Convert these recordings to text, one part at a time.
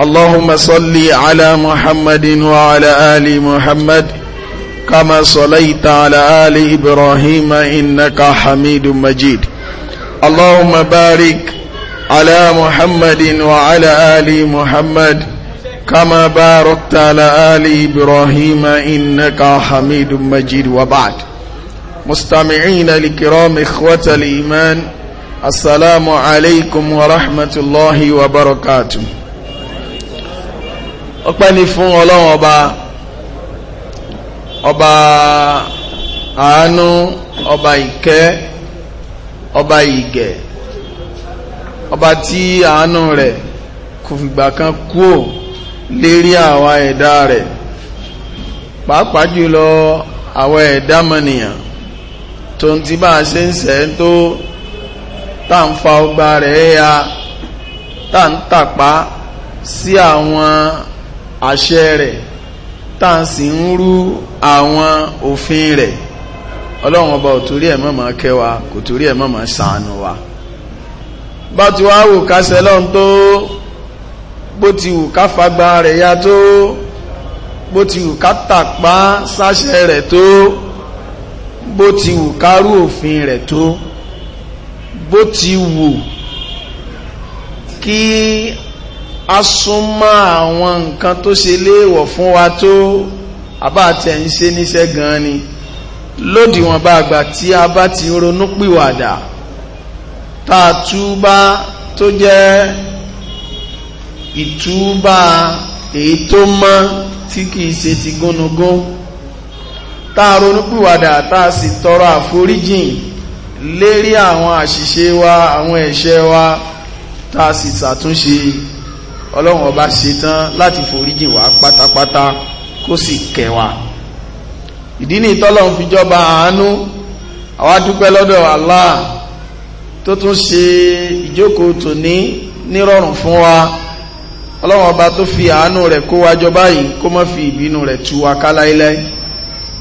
اللهم صل على محمد وعلى آل محمد كما صليت على آل إبراهيم إنك حميد مجيد اللهم بارك على محمد وعلى آل محمد كما باركت على آل إبراهيم إنك حميد مجيد وبعد مستمعين الكرام إخوة الإيمان السلام عليكم ورحمة الله وبركاته ọpẹ́ ni fún ọlọ́run ọba ọba àánú ọba ìkẹ́ ọba ìgẹ̀ ọba tí àánú rẹ̀ kò fìgbà kan kúò lérí àwa ẹ̀dá rẹ̀ pàápàá jùlọ àwa ẹ̀dá mọ̀nìyàn tó ń ti bá a ṣe ń sẹ́ tó tá ọgbà rẹ̀ ya tá sí àwọn àṣẹ rẹ̀ tá à ń sì ń rú àwọn òfin rẹ̀ ọlọ́run ọba ò torí ẹ̀ má mà kẹwàá kò torí ẹ̀ má mà ṣàánú wa bá ti wá wù ká sẹlọ́n tó bó ti wù ká fagbá rẹ̀ ya tó bó ti wù ká tàpá sáṣẹ rẹ̀ tó bó ti wù ká rú òfin rẹ̀ tó bó ti wù kí a súnmọ́ àwọn nǹkan tó ṣe léèwọ̀ fún wa tó àbáàtẹ̀ ń ṣe níṣẹ́ gan ni lódìwọ̀n bá àgbà tí a bá ti ronú pìwàdà tá a túbá tó jẹ́ ìtúbà èyí tó mọ́ tí kìí ṣe ti gúnnugún tá a ronú tá a sì tọrọ àforíjìn lérí àwọn àṣìṣe wa àwọn ẹ̀ṣẹ̀ wa tá a sì ṣàtúnṣe ọlọ́run ọba ṣetán láti foríjì wá pátápátá kó sì kẹwàá ìdí ní ìtọ́lọ́run fi jọba àánú àwa lọ́dọ̀ Allah tó tún ṣe ìjókòó tòní nírọ̀rùn fún wa ọlọ́run ọba tó fi àánú rẹ̀ kó wa jọ báyìí kó má fi ìbínú rẹ̀ tú wa ká láíláí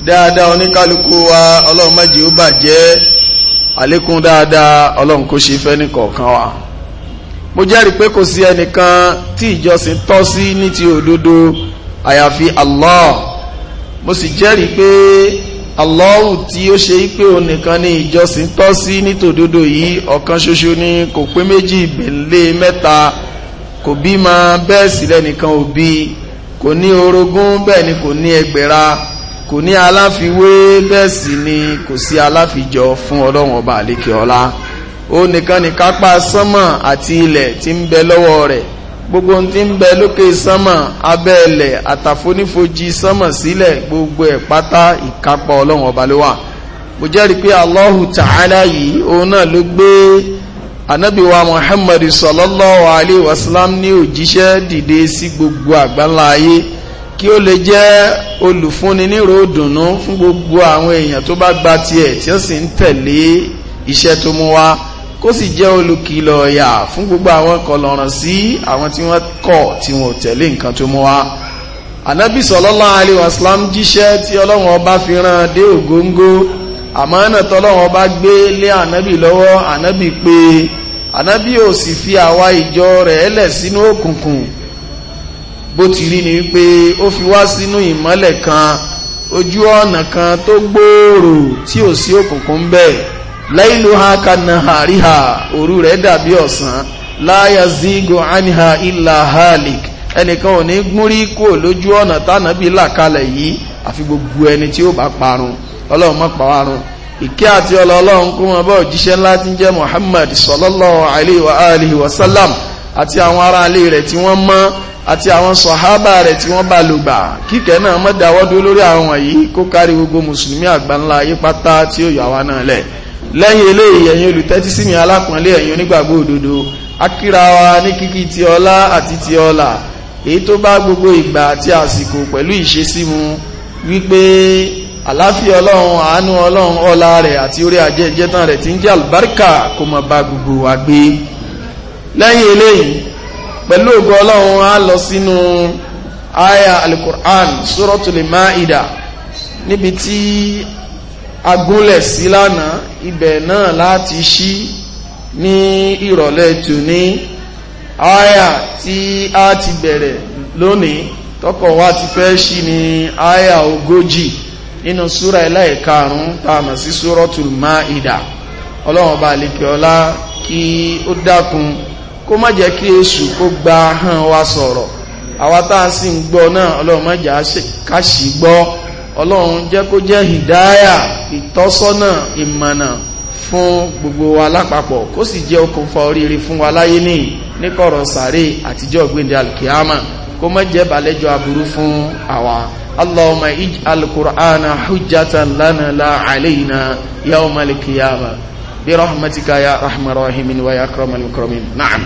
dáadáa oníkálukú wa ọlọ́run má ó bàjẹ́ àlékún dáadáa ọlọ́run kó ṣe fẹ́ ní kọ̀ọ̀kan wa mo jẹ́rìí pé kò sí ẹnìkan tí ìjọsìn tọ́ sí ní ti òdodo àyàfi Allah mo sì jẹ́rìí pé Allahu tí ó ṣe pé òun nìkan ní ìjọsìn tọ́ sí ní tòdodo yìí ọ̀kan ṣoṣo ni kò pé méjì ìbẹ̀lẹ̀ mẹ́ta kò bímọ bẹ́ẹ̀ sì lẹ́nìkan ò bí kò ní orogún bẹ́ẹ̀ ni kò ní ẹgbẹ̀ra kò ní aláfiwé bẹ́ẹ̀ sì ni kò sí aláfijọ fún ọlọ́run ọba àlékè ọlá ó nìkan ni kápá sánmà àti ilẹ̀ tí ń bẹ lọ́wọ́ rẹ̀ gbogbo tí ń bẹ lókè sánmà abẹ́ẹ̀lẹ̀ àtàfonífojì sánmà sílẹ̀ gbogbo ẹ̀ pátá ìkápá ọlọ́run ọba ló wà mo jẹ́rìí pé Allahu Ta'ala yìí òun náà ló gbé anábìwa Muhammad sallallahu alayhi wa sallam ní òjíṣẹ́ dìde sí gbogbo àgbáńlá ayé kí ó lè jẹ́ olùfúnni nírò dùnnú fún gbogbo àwọn èèyàn tó bá gba tiẹ̀ tí ó sì ń tẹ̀lé iṣẹ́ tó mú wá kó sì jẹ́ olùkìlọ̀ ọ̀yà fún gbogbo àwọn kọlọ̀ràn sí àwọn tí wọ́n kọ̀ tí wọ́n tẹ̀lé nǹkan tó mú wá ànábì sallallahu alaihi wasallam jíṣẹ́ tí ọlọ́run ọba fi rán dé ògóńgó àmánà tọ́lọ́run ọba gbé lé ànábì lọ́wọ́ ànábì pé ànábì ò sì fi àwa ìjọ rẹ̀ ẹlẹ̀ sínú òkùnkùn bó ti rí ni wípé ó fi wá sínú ìmọ́lẹ̀ kan ojú ọ̀nà kan tó gbòòrò tí ò sí òkùnkùn bẹ́ẹ̀ layluha kanahariha òru rẹ̀ dàbí ọ̀sán la yazigu anha illa halik ẹnìkan ò ní gúnrí kò lójú ọ̀nà tánàbí làkalẹ̀ yìí àfi gbogbo ẹni tí ó bá parun ọlọ́run má parun ìkẹ́ àti ọlọ́run kó wọn bá òjíṣẹ́ ńlá tí ń jẹ́ Muhammad sallallahu alayhi wa alihi àti àwọn ará ilé rẹ̀ tí wọ́n mọ́ àti àwọn sọ̀hábà rẹ̀ tí wọ́n bá lògbà kíkẹ́ náà má dáwọ́dó lórí àwọn yìí kó kárí gbogbo mùsùlùmí àgbáńlá ayé pátá tí ó yọ àwa náà lẹ̀ lẹ́yìn eléyìí ẹ̀yin olùtẹ́tí sí mi alápọ̀nlé ẹ̀yin onígbàgbọ́ òdodo akíra wa ní kíkí ti ọlá àti ti ọlà èyí tó bá gbogbo ìgbà àti àsìkò pẹ̀lú ìṣesí mu wípé àláfíà ọlọ́run àánú ọlọ́run ọlá rẹ̀ àti orí ajẹ́ ìjẹ́tàn rẹ̀ ti ń jẹ́ àlùbáríkà kó mọ̀ bá gbogbo wa gbé lẹ́yìn eléyìí pẹ̀lú ògo ọlọ́run á lọ sínú aya alukur'an suratul maida níbi tí agúnlẹ̀ sí lánàá ibẹ̀ náà láti ṣí ní ìrọ̀lẹ́ tòní àyà tí a ti bẹ̀rẹ̀ lónìí tọkọ̀ wa ti fẹ́ ṣí ní àyà ogójì nínú súra ẹlẹ́ẹ̀karùn-ún tá a mọ̀ sí súratul Maida ọlọ́run bá lè kí ọlá kí ó dákun kó má jẹ́ kí èṣù kó gba ahọ́n wa sọ̀rọ̀ àwa tá a sì ń gbọ́ náà ọlọ́run má jẹ́ ká gbọ́ ọlọ́run jẹ́ kó jẹ́ hìdáyà ìtọ́sọ́nà ìmọ̀nà fún gbogbo wa lápapọ̀ kó sì jẹ́ okùnfà oríire fún wa láyé ní níkọ̀rọ̀ sàárè àtijọ́ ọ̀gbìndì alkiyama kó má jẹ́ bàlẹ́jọ aburú fún àwa allahumma ij'al qur'ana hujjatan lana la alayna yawm alkiyama bi rahmatika ya rahman rahimin wa ya akramal mukramin na'am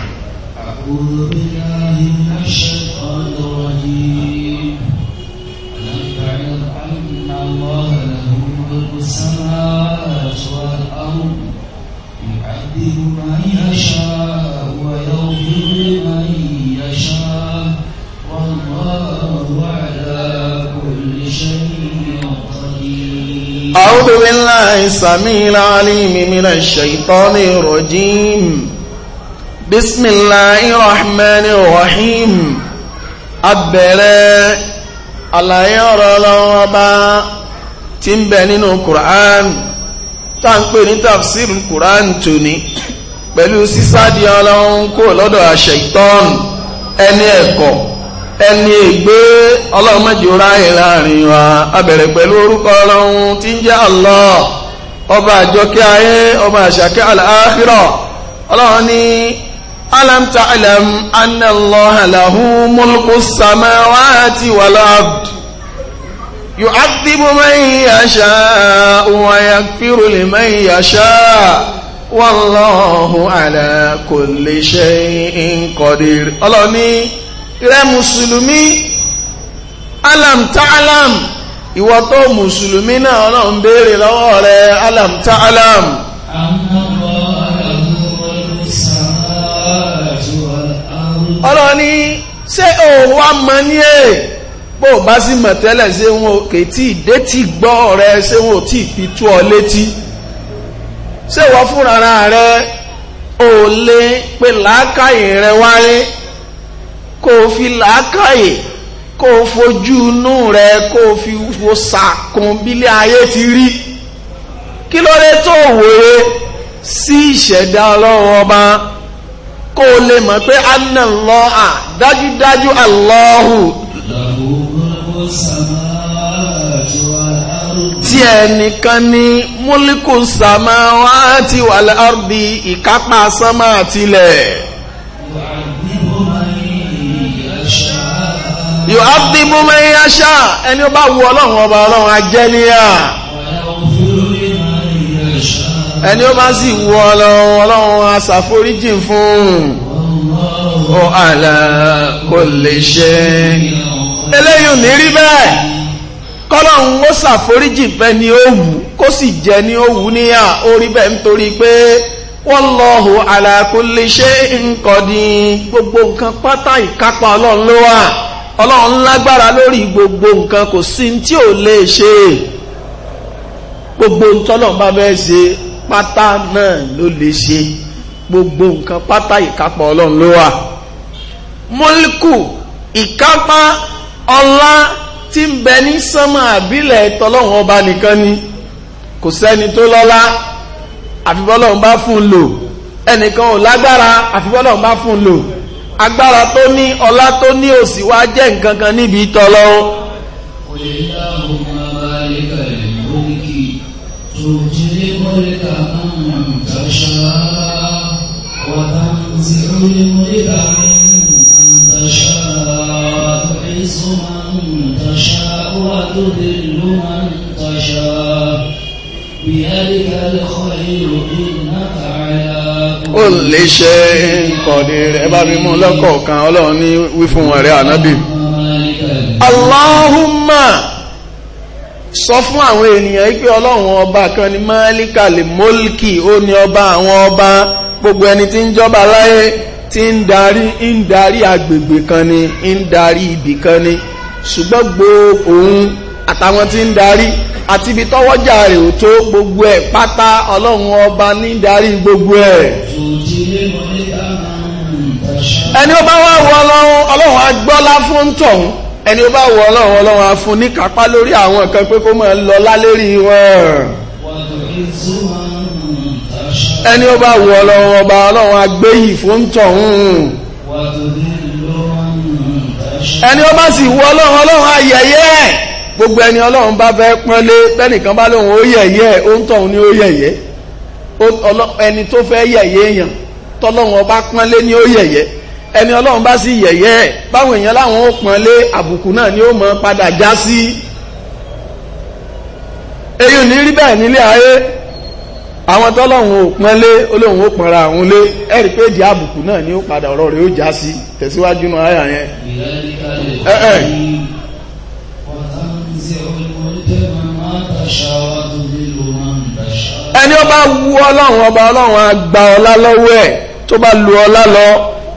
a'udhu billahi minash shaitanir rajim يشاء والأرض يعذب من يشاء ويغفر لمن يشاء والله على كل شيء قدير أعوذ بالله السميع العليم من الشيطان الرجيم بسم الله الرحمن الرحيم abẹ̀rẹ̀ àlàyé ọ̀rọ̀ ọlọ́run tí ń bẹ nínú Qur'an tá ń pè ní tafsir Qur'an tòní pẹ̀lú sísáàdì ọlọ́run kò lọ́dọ̀ àṣẹ ìtọ́n ẹni ẹ̀kọ́ ẹni ègbé ọlọ́run mẹ́jọ ráyè láàrin wa abẹ̀rẹ̀ pẹ̀lú orúkọ ọlọ́run tí ń jẹ́ Allah ọba àjọkẹ́ ayé ọba àṣàkẹ́ al-akhirah ọlọ́run ní alam anna Allaha lahu mulku samawati wal ard يعذب من يشاء ويغفر لمن يشاء والله على كل شيء قدير Ọlọ́run ní rẹ mùsùlùmí alam ta'alam ìwọ tó mùsùlùmí náà Ọlọ́run béèrè lọ́wọ́ rẹ alam ta'alam Ọlọ́run òun wá mọ ní èè bó o bá sì mọ̀ tẹ́lẹ̀ ṣé wọn ò kè tí ìdétì gbọ́ rẹ ṣé wọn ò tí ì fi tú ọ létí ṣé wọ́n fúnra rẹ ò lè pe làákàyè rẹ wáyé kó o fi làákàyè kó o fojú inú rẹ kó fi wo sàkún bílẹ̀ ayé ti rí kí ló dé tó wòye sí ìṣẹ̀dá ọlọ́run ọba kó o lè mọ̀ pé anna Allah dájúdájú Allahu tí ẹnìkan ní múlíkù samawati wal ardi ìkápá sánmà àtilẹ̀. yóò á bí mú mẹ́rin aṣá ẹni ó bá wu ọlọ́run ọba ọlọ́run ajẹ́ níyà ẹni ó bá sì wu ọlọ́run ọlọ́run aṣàforíjì fún un. kò lè ṣe é. eléyìí ní rí bẹ́ẹ̀ kọ́lọ́hún ó ṣàforíjì fẹ́ ni ó wù kó sì jẹ́ ni ó wù níyà ó rí bẹ́ẹ̀ nítorí pé wallahu ala se nkọ qadir gbogbo nǹkan pátá ìkápá ọlọ́run ló wà ọlọ́run lágbára lórí gbogbo nǹkan kò sí tí ò lè ṣe gbogbo ntọ́lọ́run bá bẹ́ẹ̀ ṣe pátá náà ló lè ṣe gbogbo nǹkan pátá ìkápá ọlọ́run ló wà múlíkù ìkápá ọlá tí ń bẹ ní sánmà àbílẹ̀ tọlọ́run ọba nìkan ni kò sẹ́ni tó lọ́lá àfibọ́lọ́run bá fún un lò ẹnìkan ò lágbára àfibọ́lọ́run bá fún un lò agbára tó ní ọlá tó ní òsì wá jẹ́ nǹkan kan níbi tọlọ́run. ترجي ملك من تشاء وتنزع الملك تعز من تشاء وتذل من تشاء بيدك الخير إنك على كل شيء قدير ẹ bá mi mú lọ́kọ̀ọ̀kan ọlọ́run ní wí fún wọn rẹ̀ sọ fún àwọn ènìyàn ipe ọlọ́run ọba kan ni máàlíkà lè mólkì ó ní ọba àwọn ọba gbogbo ẹni tí ń jọba láyé. tí ń darí ń darí agbègbè kan ni ń darí ibì kan ni ṣùgbọ́n gbogbo òun àtàwọn tí ń darí àti ibi tọ́wọ́jà rẹ̀ ò tó gbogbo ẹ̀ pátá ọlọ́run ọba ní darí gbogbo ẹ̀. ẹni ó bá wá wọ ọlọ́run ọlọ́run á gbọ́lá fún tọ̀hún ẹni ó bá wọ ọlọ́run ọlọ́run á fún ní kápá lórí àwọn kan pé kó máa lọ lálérí wọn. wàá lọ ìzúwọ̀n. ẹni ó bá wọ ọlọ́run ọba ọlọ́run agbéyì fún tọ̀hún ẹni ó bá sì wọ ọlọ́run ọlọ́run ayẹyẹ gbogbo ẹni ọlọ́run bá fẹ́ pọ́nlé tẹ́nìkan bá lóun ó yẹ̀yẹ́ ó ń tọ̀hún ní ó ẹni tó fẹ́ yẹ̀yẹ́ èèyàn tọ́lọ́run ọba pọ́nlé ní ó ẹni ọlọ́run bá sì báwọn èèyàn láwọn ó pọ́nlé àbùkù náà ni ó padà já sí èyí ò àwọn tọ́lọ́hun ò pọ́nlé olóhun ó pọ́nra àwọn lé ẹ̀rí pé èdè àbùkù náà ni ó padà ọ̀rọ̀ rẹ̀ ó já sí tẹ̀síwájú náà àyà yẹn ẹni ó bá wú ọlọ́run ọba ọlọ́run á gba ọlá lọ́wọ́ ẹ̀ tó bá lu ọlá lọ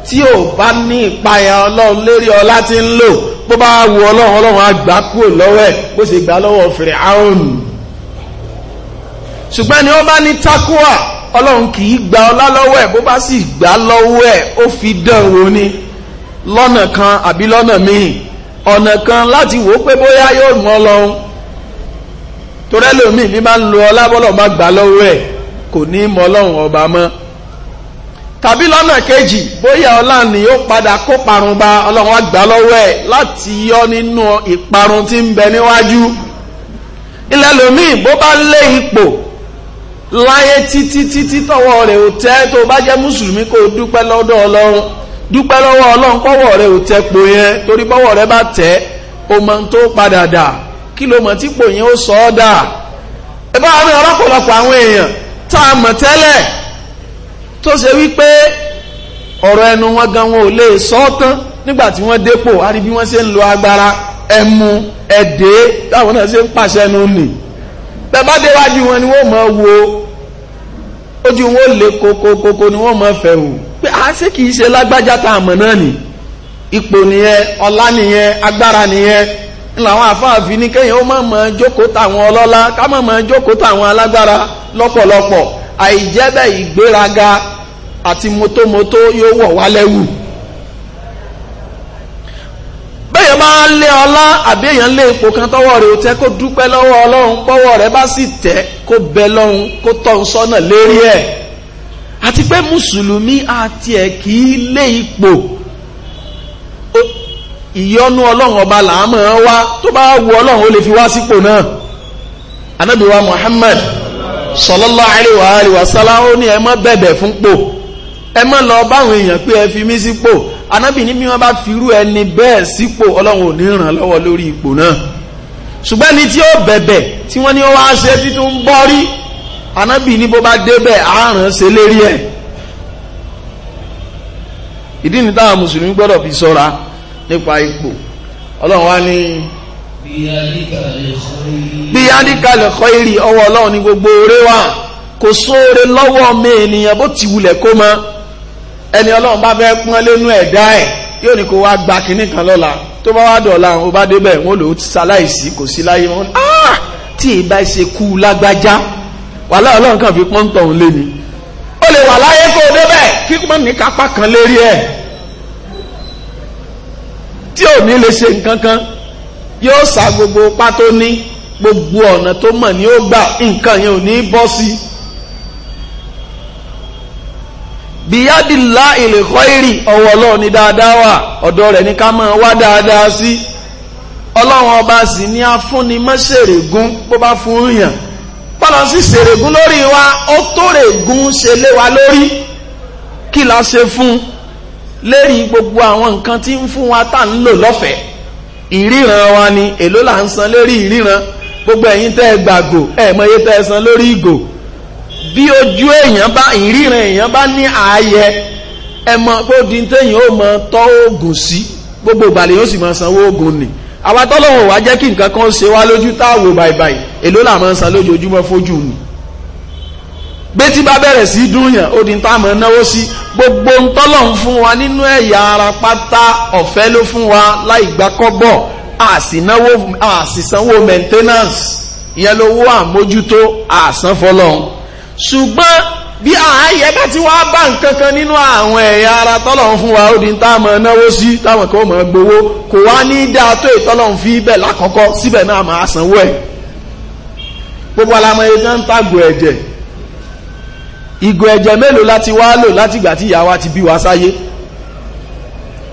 tí ò bá ní ìpayà ọlọ́run lérí ọlá tí ń lò bó bá wú ọlọ́run ọlọ́run á kúrò lọ́wọ́ ẹ̀ bó ṣe gbà lọ́wọ́ Fáráò ṣùgbọ́n ni ó bá ní takuwa ọlọ́run kì í gba ọlá lọ́wọ́ ẹ̀ bó bá sì gbà lọ́wọ́ ẹ̀ ó fi dán wò ni lọ́nà kan àbí lọ́nà míì ọ̀nà kan láti wò ó pé bóyá yóò mọ ọlọ́run torí ẹlòmíì ní máa ń lo ọlá bọ́lọ̀ bá gbà lọ́wọ́ ẹ̀ kò ní mọ ọlọ́run ọba mọ́ tàbí lọ́nà kejì bóyá ọlá ni ó padà kó parun ba ọlọ́run á gbà lọ́wọ́ ẹ̀ láti yọ nínú ìparun tí ń bẹ níwájú ilẹ̀ lòmíì bó bá lé ipò láyé títí títí tọwọ́ rẹ̀ ò tẹ́ tó bá jẹ́ mùsùlùmí kó dúpẹ́ lọ́dọ̀ ọlọ́run dúpẹ́ lọ́wọ́ ọlọ́run pọ́wọ́ rẹ̀ ò tẹ́ po yẹn torí pọ́wọ́ rẹ̀ bá tẹ́ o mọ̀ tó padà dà kí ló mọ̀ tí pò yẹn ó sọ ọ́ dà ẹ bá wọn ọlọ́pọ̀lọpọ̀ àwọn èèyàn tá a mọ̀ tẹ́lẹ̀ tó ṣe wípé ọ̀rọ̀ ẹnu wọn gan wọn ò lè sọ ọ́ tán nígbà tí wọ́n dépò á rí bí wọ́n ṣe ń lo agbára ẹmu ẹ̀dẹ́ táwọn náà ṣe ń pàṣẹ nù nì bẹ́ẹ̀ bá déwájú wọn ni wọ́n mọ̀ wo ojú wọn lè kókókókó ni wọ́n mọ̀ fẹ̀hù pé a ah, ṣe kìí ṣe lágbájá tá a mọ̀ náà nì ipò nìyẹn ọlá nìyẹn agbára nìyẹn làwọn àfáàfin ní kẹ́yìn ó má mọ̀ jókòó táwọn ọlọ́lá ká jókòó táwọn alágbára lọ́pọ̀lọpọ̀ àìjẹ́bẹ̀ ìgbéraga àti mọ́tómọ́tó yóò wọ̀ wá èèyàn máa lé ọlá àbí èèyàn lé ipò kan tọwọ rẹ̀ ò tẹ́ kó dúpẹ́ lọ́wọ́ ọlọ́run pọ́wọ́ rẹ̀ bá sì ko kó bẹ lọ́run kó tọ́ sọ́nà lérí ẹ̀ àti pé mùsùlùmí àti ẹ̀ kì í lé ipò ìyọ́nú ha ọba làámọ̀ wá tó wu ó lè fi wá sípò náà wa Muhammad ó ní ẹ fún pò ẹ má lọ báwọn èèyàn pé ẹ fi mí sípò anábì ní bí wọ́n bá firú ẹni bẹ́ẹ̀ sípò ọlọ́run ò ní ràn lọ́wọ́ lórí ipò náà ṣùgbọ́n ní tí ó bẹ̀bẹ̀ tí wọ́n ní ó wá ṣe tí tó ń bọ́ rí anábì ní bó bá débẹ̀ àárán ṣe lérí ẹ̀ ìdí ni táwọn mùsùlùmí gbọ́dọ̀ fi sọ́ra nípa ipò ọlọ́run wá ní bíyádìkalẹ̀ kọ́ ìrì ọwọ́ ọlọ́run ní gbogbo oore wà kò sóore lọ́wọ́ mi ènìyàn bó ti wulẹ̀ kó máa ẹni ọlọ́run bá fẹ́ pọ́n lẹ́nu ẹ̀dá ẹ̀ yóò ní kó wá gba kinní kan lọ́la tó bá wá dọ̀la ó bá débẹ̀ wọn lò ó ṣaláìsí kò sí láyé wọn ah tí ìbá ṣe kú lágbájá wàhálà ọlọ́run kan fi pọ́n tọ̀hún lé ni ó lè wà láyé kó débẹ̀ kí pọ́n ní kápá kan lérí ẹ̀ tí ò ní lè ṣe nǹkan kan yóò sa gbogbo pátó ní gbogbo ọ̀nà tó mọ̀ ní ó gbà nǹkan yẹn ò ní bọ́ sí i bíyádìlá ìlẹ̀kọ́ìrì ọwọ́ ọlọ́run ní dáadáa wà ọ̀dọ̀ rẹ̀ ní ká máa wá dáadáa sí ọlọ́run ọba sì ní afúnni mọ́ṣẹ̀rẹ̀gún bó bá fún yàn bọ́lá sì ṣèrègún lórí wa ó tórègún ṣe lé wa lórí kí la ṣe fún lérí gbogbo àwọn nǹkan tí ń fún wa tá ń lò lọ́fẹ̀ẹ́ ìríran wa ni èló là ń san lérí ìríran gbogbo ẹ̀yin tẹ́ gbàgò ẹ̀ mọye tẹ́ san lórí ìgò bí ojú èèyàn bá ìríran èèyàn bá ní ààyè ẹmọ pé odi téèyàn ó mọ tọ́ oògùn sí gbogbo ìgbàlè yóò sì mọ sanwó oògùn ni àwa tọ́lọ́run wá jẹ́ kí nǹkan kan ṣe wá lójú táwò bàìbàì èló là máa san lójoojúmọ́ fojú ni gbé tí bá bẹ̀rẹ̀ sí dúnyàn odi tá mọ̀ náwó sí gbogbo ń tọ́lọ́run fún wa nínú ẹ̀yà ara pátá ọ̀fẹ́ ló fún wa láì gbà kọ́bọ̀ àsìsanwó maintenance ìyẹn lówó àmójútó àsánfọlọ́run ṣùgbọ́n bí ààyẹ bá ti wá bá nkankan nínú àwọn ẹ̀yà ara tọ́lọ̀un fún wa ó di táàmọ̀ náwó sí táwọn kan mọ̀ gbowó kò wá ní dáa tó ìtọ́lọ̀un fi bẹ̀ lákọ̀ọ́kọ́ síbẹ̀ náà máa sanwó ẹ̀ gbogbo alamọ ẹ̀yẹ náà ń tàgò ẹ̀jẹ̀ ìgò ẹ̀jẹ̀ mélòó láti wá lò látìgbà tí ìyá wa ti bí wa sáyé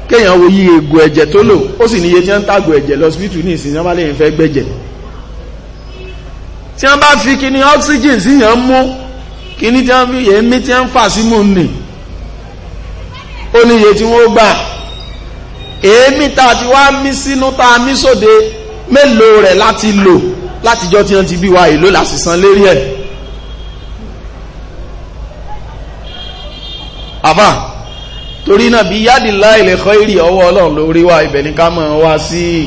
kéèyàn wo yí ègò ẹ̀jẹ̀ tó lò ó sì níye tí wọ́n ń tàgò ẹ̀jẹ̀ lọ́sibítù ní ìsìn yánbá lẹ́yìn fẹ́ gbẹ̀jẹ̀ tí wọ́n bá fi kíní oxygen sí yàn mú kíní tí wọ́n fi yẹ mí tí wọ́n fà sí mò ń nì ó ní iye tí wọ́n gbà èémí tá a ti wá mí sínú tá a mí sóde mélòó rẹ̀ láti lò látijọ́ tí wọ́n ti bí wa èlò láti san lérí ẹ̀. àbá torí náà bí yádìí láìlẹ̀kọ́ ìrì ọwọ́ ọlọ́run lórí wa ibẹ̀ ní ká mọ̀ wá sí i.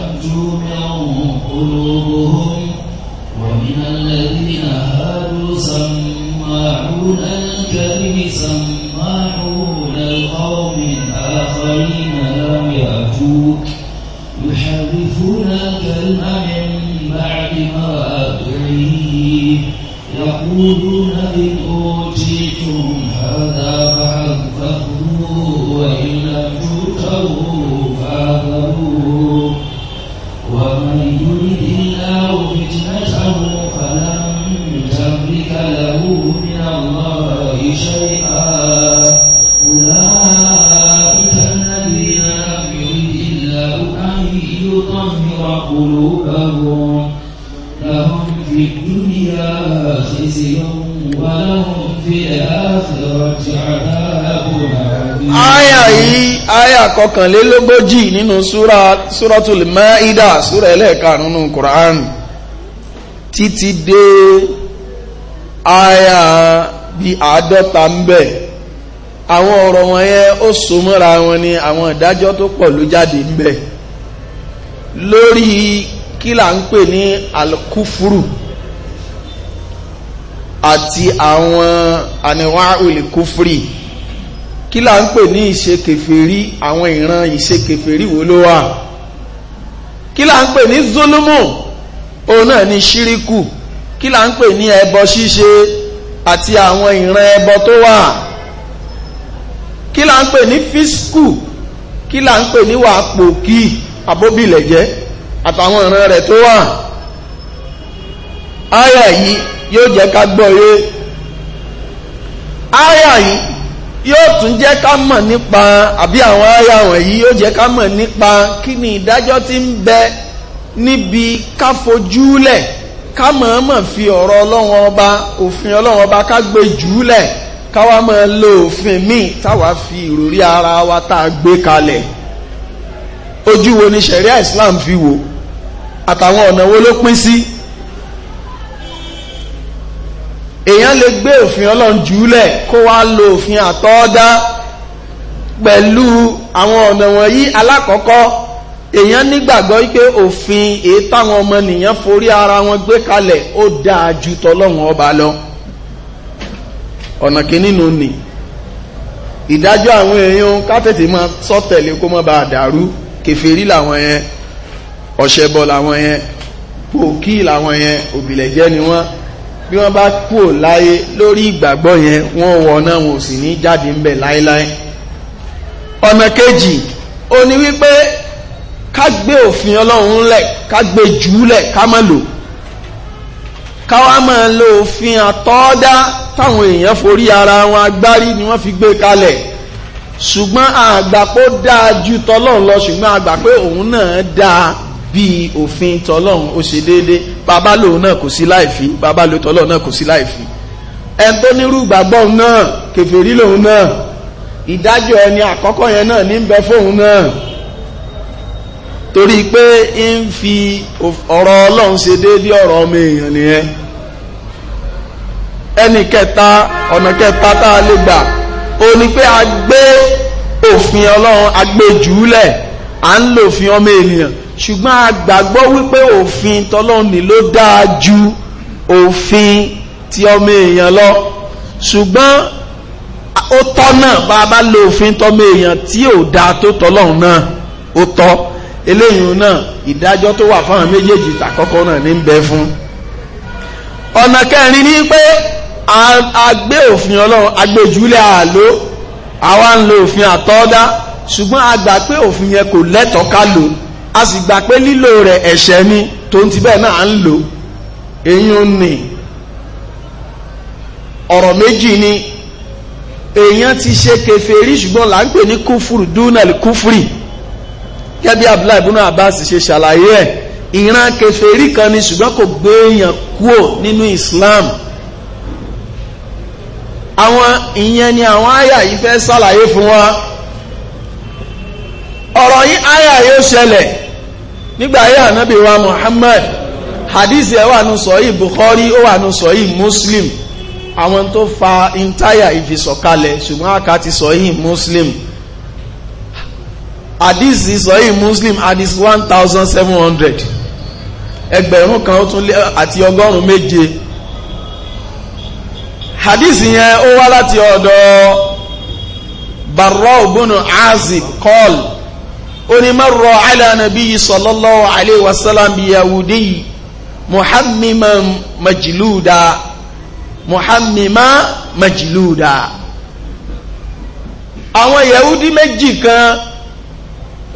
ومن الذين هادوا سماعون الكلم سماعون لقوم آخرين لم يأتوك يحرفون الكلم من بعد ما أدعيه يقولون بالأوعى àyà kọkànlélógójì nínú súrọ́tùlì mẹ́ìdà súrọ̀ ẹlẹ́ẹ̀karùn nínú Qur'an títí dé àyà bí àádọ́ta ń bẹ̀ àwọn ọ̀rọ̀ wọ̀nyẹn ó so mọ́ra wọn ni àwọn ìdájọ́ tó pọ̀ ló jáde ń bẹ̀ lórí kí là ń pè ní alkufuru àti àwọn àníwá olùkúfúrì kí là ń pè ní ìṣekèfèrí àwọn ìran ìṣekèfèrí wo ló wà kí là ń pè ní zulumu òun náà ni ṣíríkù kí là ń pè ní ẹbọ ṣíṣe àti àwọn ìran ẹbọ tó wà kí là ń pè ní fíṣkù kí là ń pè ní wàá pòkì àbóbìlẹ̀jẹ́ àtàwọn ìran rẹ̀ tó wà áyà yìí yóò jẹ́ ká gbọ́ yé áyà yìí yóò tún jẹ́ ká mọ̀ nípa àbí àwọn àwọn yìí yóò jẹ́ ká mọ̀ nípa kí ni ìdájọ́ ti ń bẹ níbi ká fojúlẹ̀ ká mọ̀ọ́mọ̀ fi ọ̀rọ̀ ọlọ́run ọba òfin ọlọ́run ọba ká gbé jùúlẹ̀ káwa máa lo òfin míì táwa fi ìròrí ara wa tá a gbé kalẹ̀ ojú wo ni sẹ̀ríà Islam fi wò àtàwọn ọ̀nà wo ló pín sí. Si èèyàn lè gbé òfin ọlọ́run jùúlẹ̀ kó wá lo òfin àtọ́ọ́dá pẹ̀lú àwọn ọ̀nà wọ̀nyí alákọ̀ọ́kọ́ èèyàn nígbàgbọ́ wípé òfin èyí táwọn ọmọnìyàn forí ara wọn gbé kalẹ̀ ó dáa ju tọlọ́run ọba lọ ọ̀nà kìíní nù ní ìdájọ́ àwọn èèyàn ká tètè máa sọ tẹ̀lé kó má bàa dàrú kèfèrí làwọn yẹn ọ̀ṣẹ̀bọ làwọn yẹn pòkí làwọn yẹn òbílẹ̀jẹ́ ni wọ́n bí wọ́n bá kúò láyé lórí ìgbàgbọ́ yẹn wọ́n wọ náà wọn ò sì ní jáde ń bẹ̀ láéláé ọ̀nà kejì ó ní wípé ká gbé òfin ọlọ́run lẹ̀ ká gbé jù ú lẹ̀ ká má lò ká wá máa lo òfin àtọ́dá táwọn èèyàn forí ara wọn agbárí ni wọ́n fi gbé kalẹ̀ ṣùgbọ́n àgbà pé ó dáa ju tọlọ́run lọ ṣùgbọ́n àgbà pé òun náà dáa bíi òfin tọlọ́run ó ṣe déédéé Baba lòun náà kò sí láìfí bàbá lòun tọ́lọ́ náà kò sí láìfí ẹni tó nírú ìgbàgbọ́ náà kèfèrí lòun náà ìdájọ́ ẹni àkọ́kọ́ yẹn náà ní bẹ fóun náà torí pé ń fi ọ̀rọ̀ ọlọ́run ṣe déédéé ọ̀rọ̀ ọmọ èèyàn nìyẹn ẹni kẹta ọ̀nà kẹta tá a lè gbà ó ní pé a gbé òfin ọlọ́run a gbé jùúlẹ̀ à ń lòfin ọmọ ènìyàn ṣùgbọ́n a gbàgbọ́ wípé òfin tọ́lọ́ni ló dáa ju òfin ti ọmọ èèyàn lọ ṣùgbọ́n ó tọ́ náà bá a bá lo òfin tọmọ èèyàn tí ò dáa tó tọ́lọ́hún náà ó tọ́ eléyìí náà ìdájọ́ tó wà fáwọn méjèèjì tàkọ́kọ́ náà ní bẹ fún ọ̀nà kẹrin ni pé a gbé òfin ọlọ́run agbèjúlẹ̀ àlọ́ àwa ń lo òfin àtọ́dá ṣùgbọ́n a gbà pé òfin yẹn kò lẹ́tọ̀ọ́ ká lò ó a sì gbà pé lílò rẹ̀ ẹ̀ṣẹ̀ ni tó ń ti bẹ́ẹ̀ náà ń lò èyàn nì ọ̀rọ̀ méjì ni èyàn ti ṣe kèfèrí ṣùgbọ́n là ń pè ní kúfùrù dúnàlì kúfùrì gẹ́bí abúlá ìbúnú Abbas ṣe ṣàlàyé ẹ̀ ìran kèfèrí kan ni ṣùgbọ́n kò gbé èyàn kúò nínú Islam àwọn ìyẹn ni àwọn àyà yìí fẹ́ ṣàlàyé fún wa ọ̀rọ̀ yìí àyà yóò ṣẹlẹ̀ nígbà ayé ànábì wa Muhammad hadith ẹ̀ wà nù sọ̀yì Bukhari ó wà nù sọ̀yì Muslim àwọn tó fa intaya ìfisọ̀kalẹ̀ ṣùgbọ́n àká ti sọ̀yì Muslim hadith sọ̀yì Muslim hadith one thousand seven hundred ẹgbẹ̀rún kan ó tún lé àti ọgọ́rùn-ún méje hadith yẹn ó wá láti ọ̀dọ̀ Barra ibn Azib call oni marọ ala nabi sallallahu alayhi wa sallam bi yahudi muhammima majluda muhammima majluda àwọn yahudi méjì kan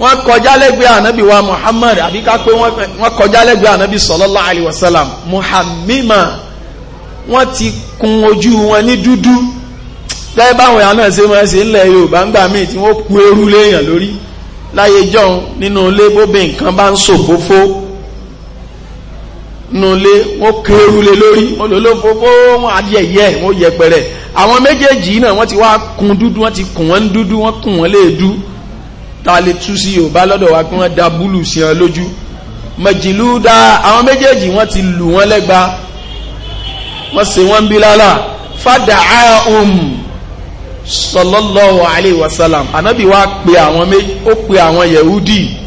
wọ́n kọjá lẹ́gbẹ̀ẹ́ anabi wa muhammad àbí ká pé wọ́n kọjá lẹ́gbẹ̀ẹ́ anabi sallallahu alayhi muhammima wọ́n ti kùn ojú wọn ní dúdú gẹ́gẹ́ báwọn yàrá náà ṣe máa ṣe ńlẹ̀ yorùbá ń míì tí wọ́n ku eru léèyàn lórí láyé jọun nínú ilé bóbi nǹkan bá ń ṣòfófó nínú ilé wọ́n kéérú lé lórí wọ́n lò lófófó wọ́n ayẹyẹ wọ́n yẹpẹrẹ àwọn méjèèjì náà wọ́n ti wá kun dúdú wọ́n ti kùn wọ́n dúdú wọ́n kùn wọ́n léèdú ta lè tú sí yorùbá lọ́dọ̀ wa kí wọ́n da búlù sí wọn lójú mọ̀jìlú dá àwọn méjèèjì wọ́n ti lù wọ́n lẹ́gba wọ́n ṣe wọ́n bí lálà fàdà áhùn um sọlọ́lọ́wọ́ aleyhi wa sálàm anabi wa pe àwọn méjì ó pe àwọn yahudi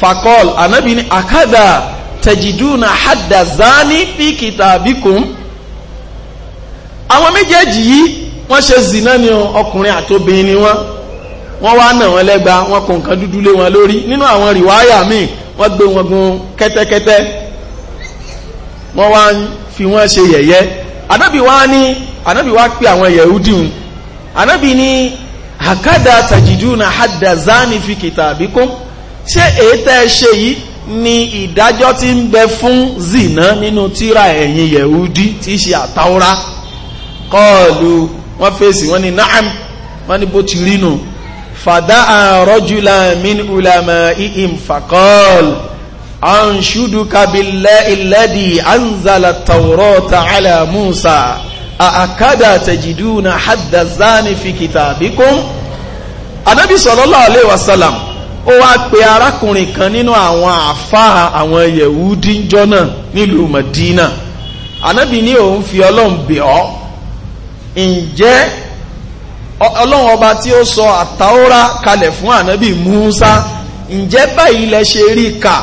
fakọ́l anabi ni akada tẹ̀jìdúnà hadda zani fi kitabikum àwọn méjèèjì yìí wọ́n ṣe zina ni ọkùnrin àtobìnrin ni wọ́n wọ́n wá nà wọ́n lẹ́gba wọ́n kò nǹkan dúdú lé wọn lórí nínú àwọn rìwáyà míì wọ́n gbé wọn gun kẹ́tẹ́kẹ́tẹ́ wọ́n wá fi wọ́n ṣe yẹ̀yẹ́ anabi wa ni anabi wa pe àwọn yahudi anábì ní hakada tajiduna hadda zani fi kitabikum ṣé ètẹ́ ṣe yìí ni ìdájọ́ tí ń bẹ fún zina nínú tíra ẹ̀yìn yẹ̀húdí tí í ṣe àtàwọ́rá kọ́ọ̀lù wọ́n fèsì wọ́n ní naam wọ́n ní bó ti rí nù fàdá àrọ́jùlá min ulama ihim fàkọ́ọ̀lù anshuduka billahi alladhi anzala tawrata ala musa àkádà tajiduna hadda zani fi kitabikum anábì sallallahu alaihi wasallam o wa pe arakunrin kan n'inu awon àfáà awon yehudi jona náà nílùú Madina anabi ni òun fi ọlọ́run bẹ̀ ọ́ ǹjẹ́ ọlọ́run ọba tí ó sọ àtàórá kalẹ̀ fun anabi Musa nje bayi le ṣe rí kà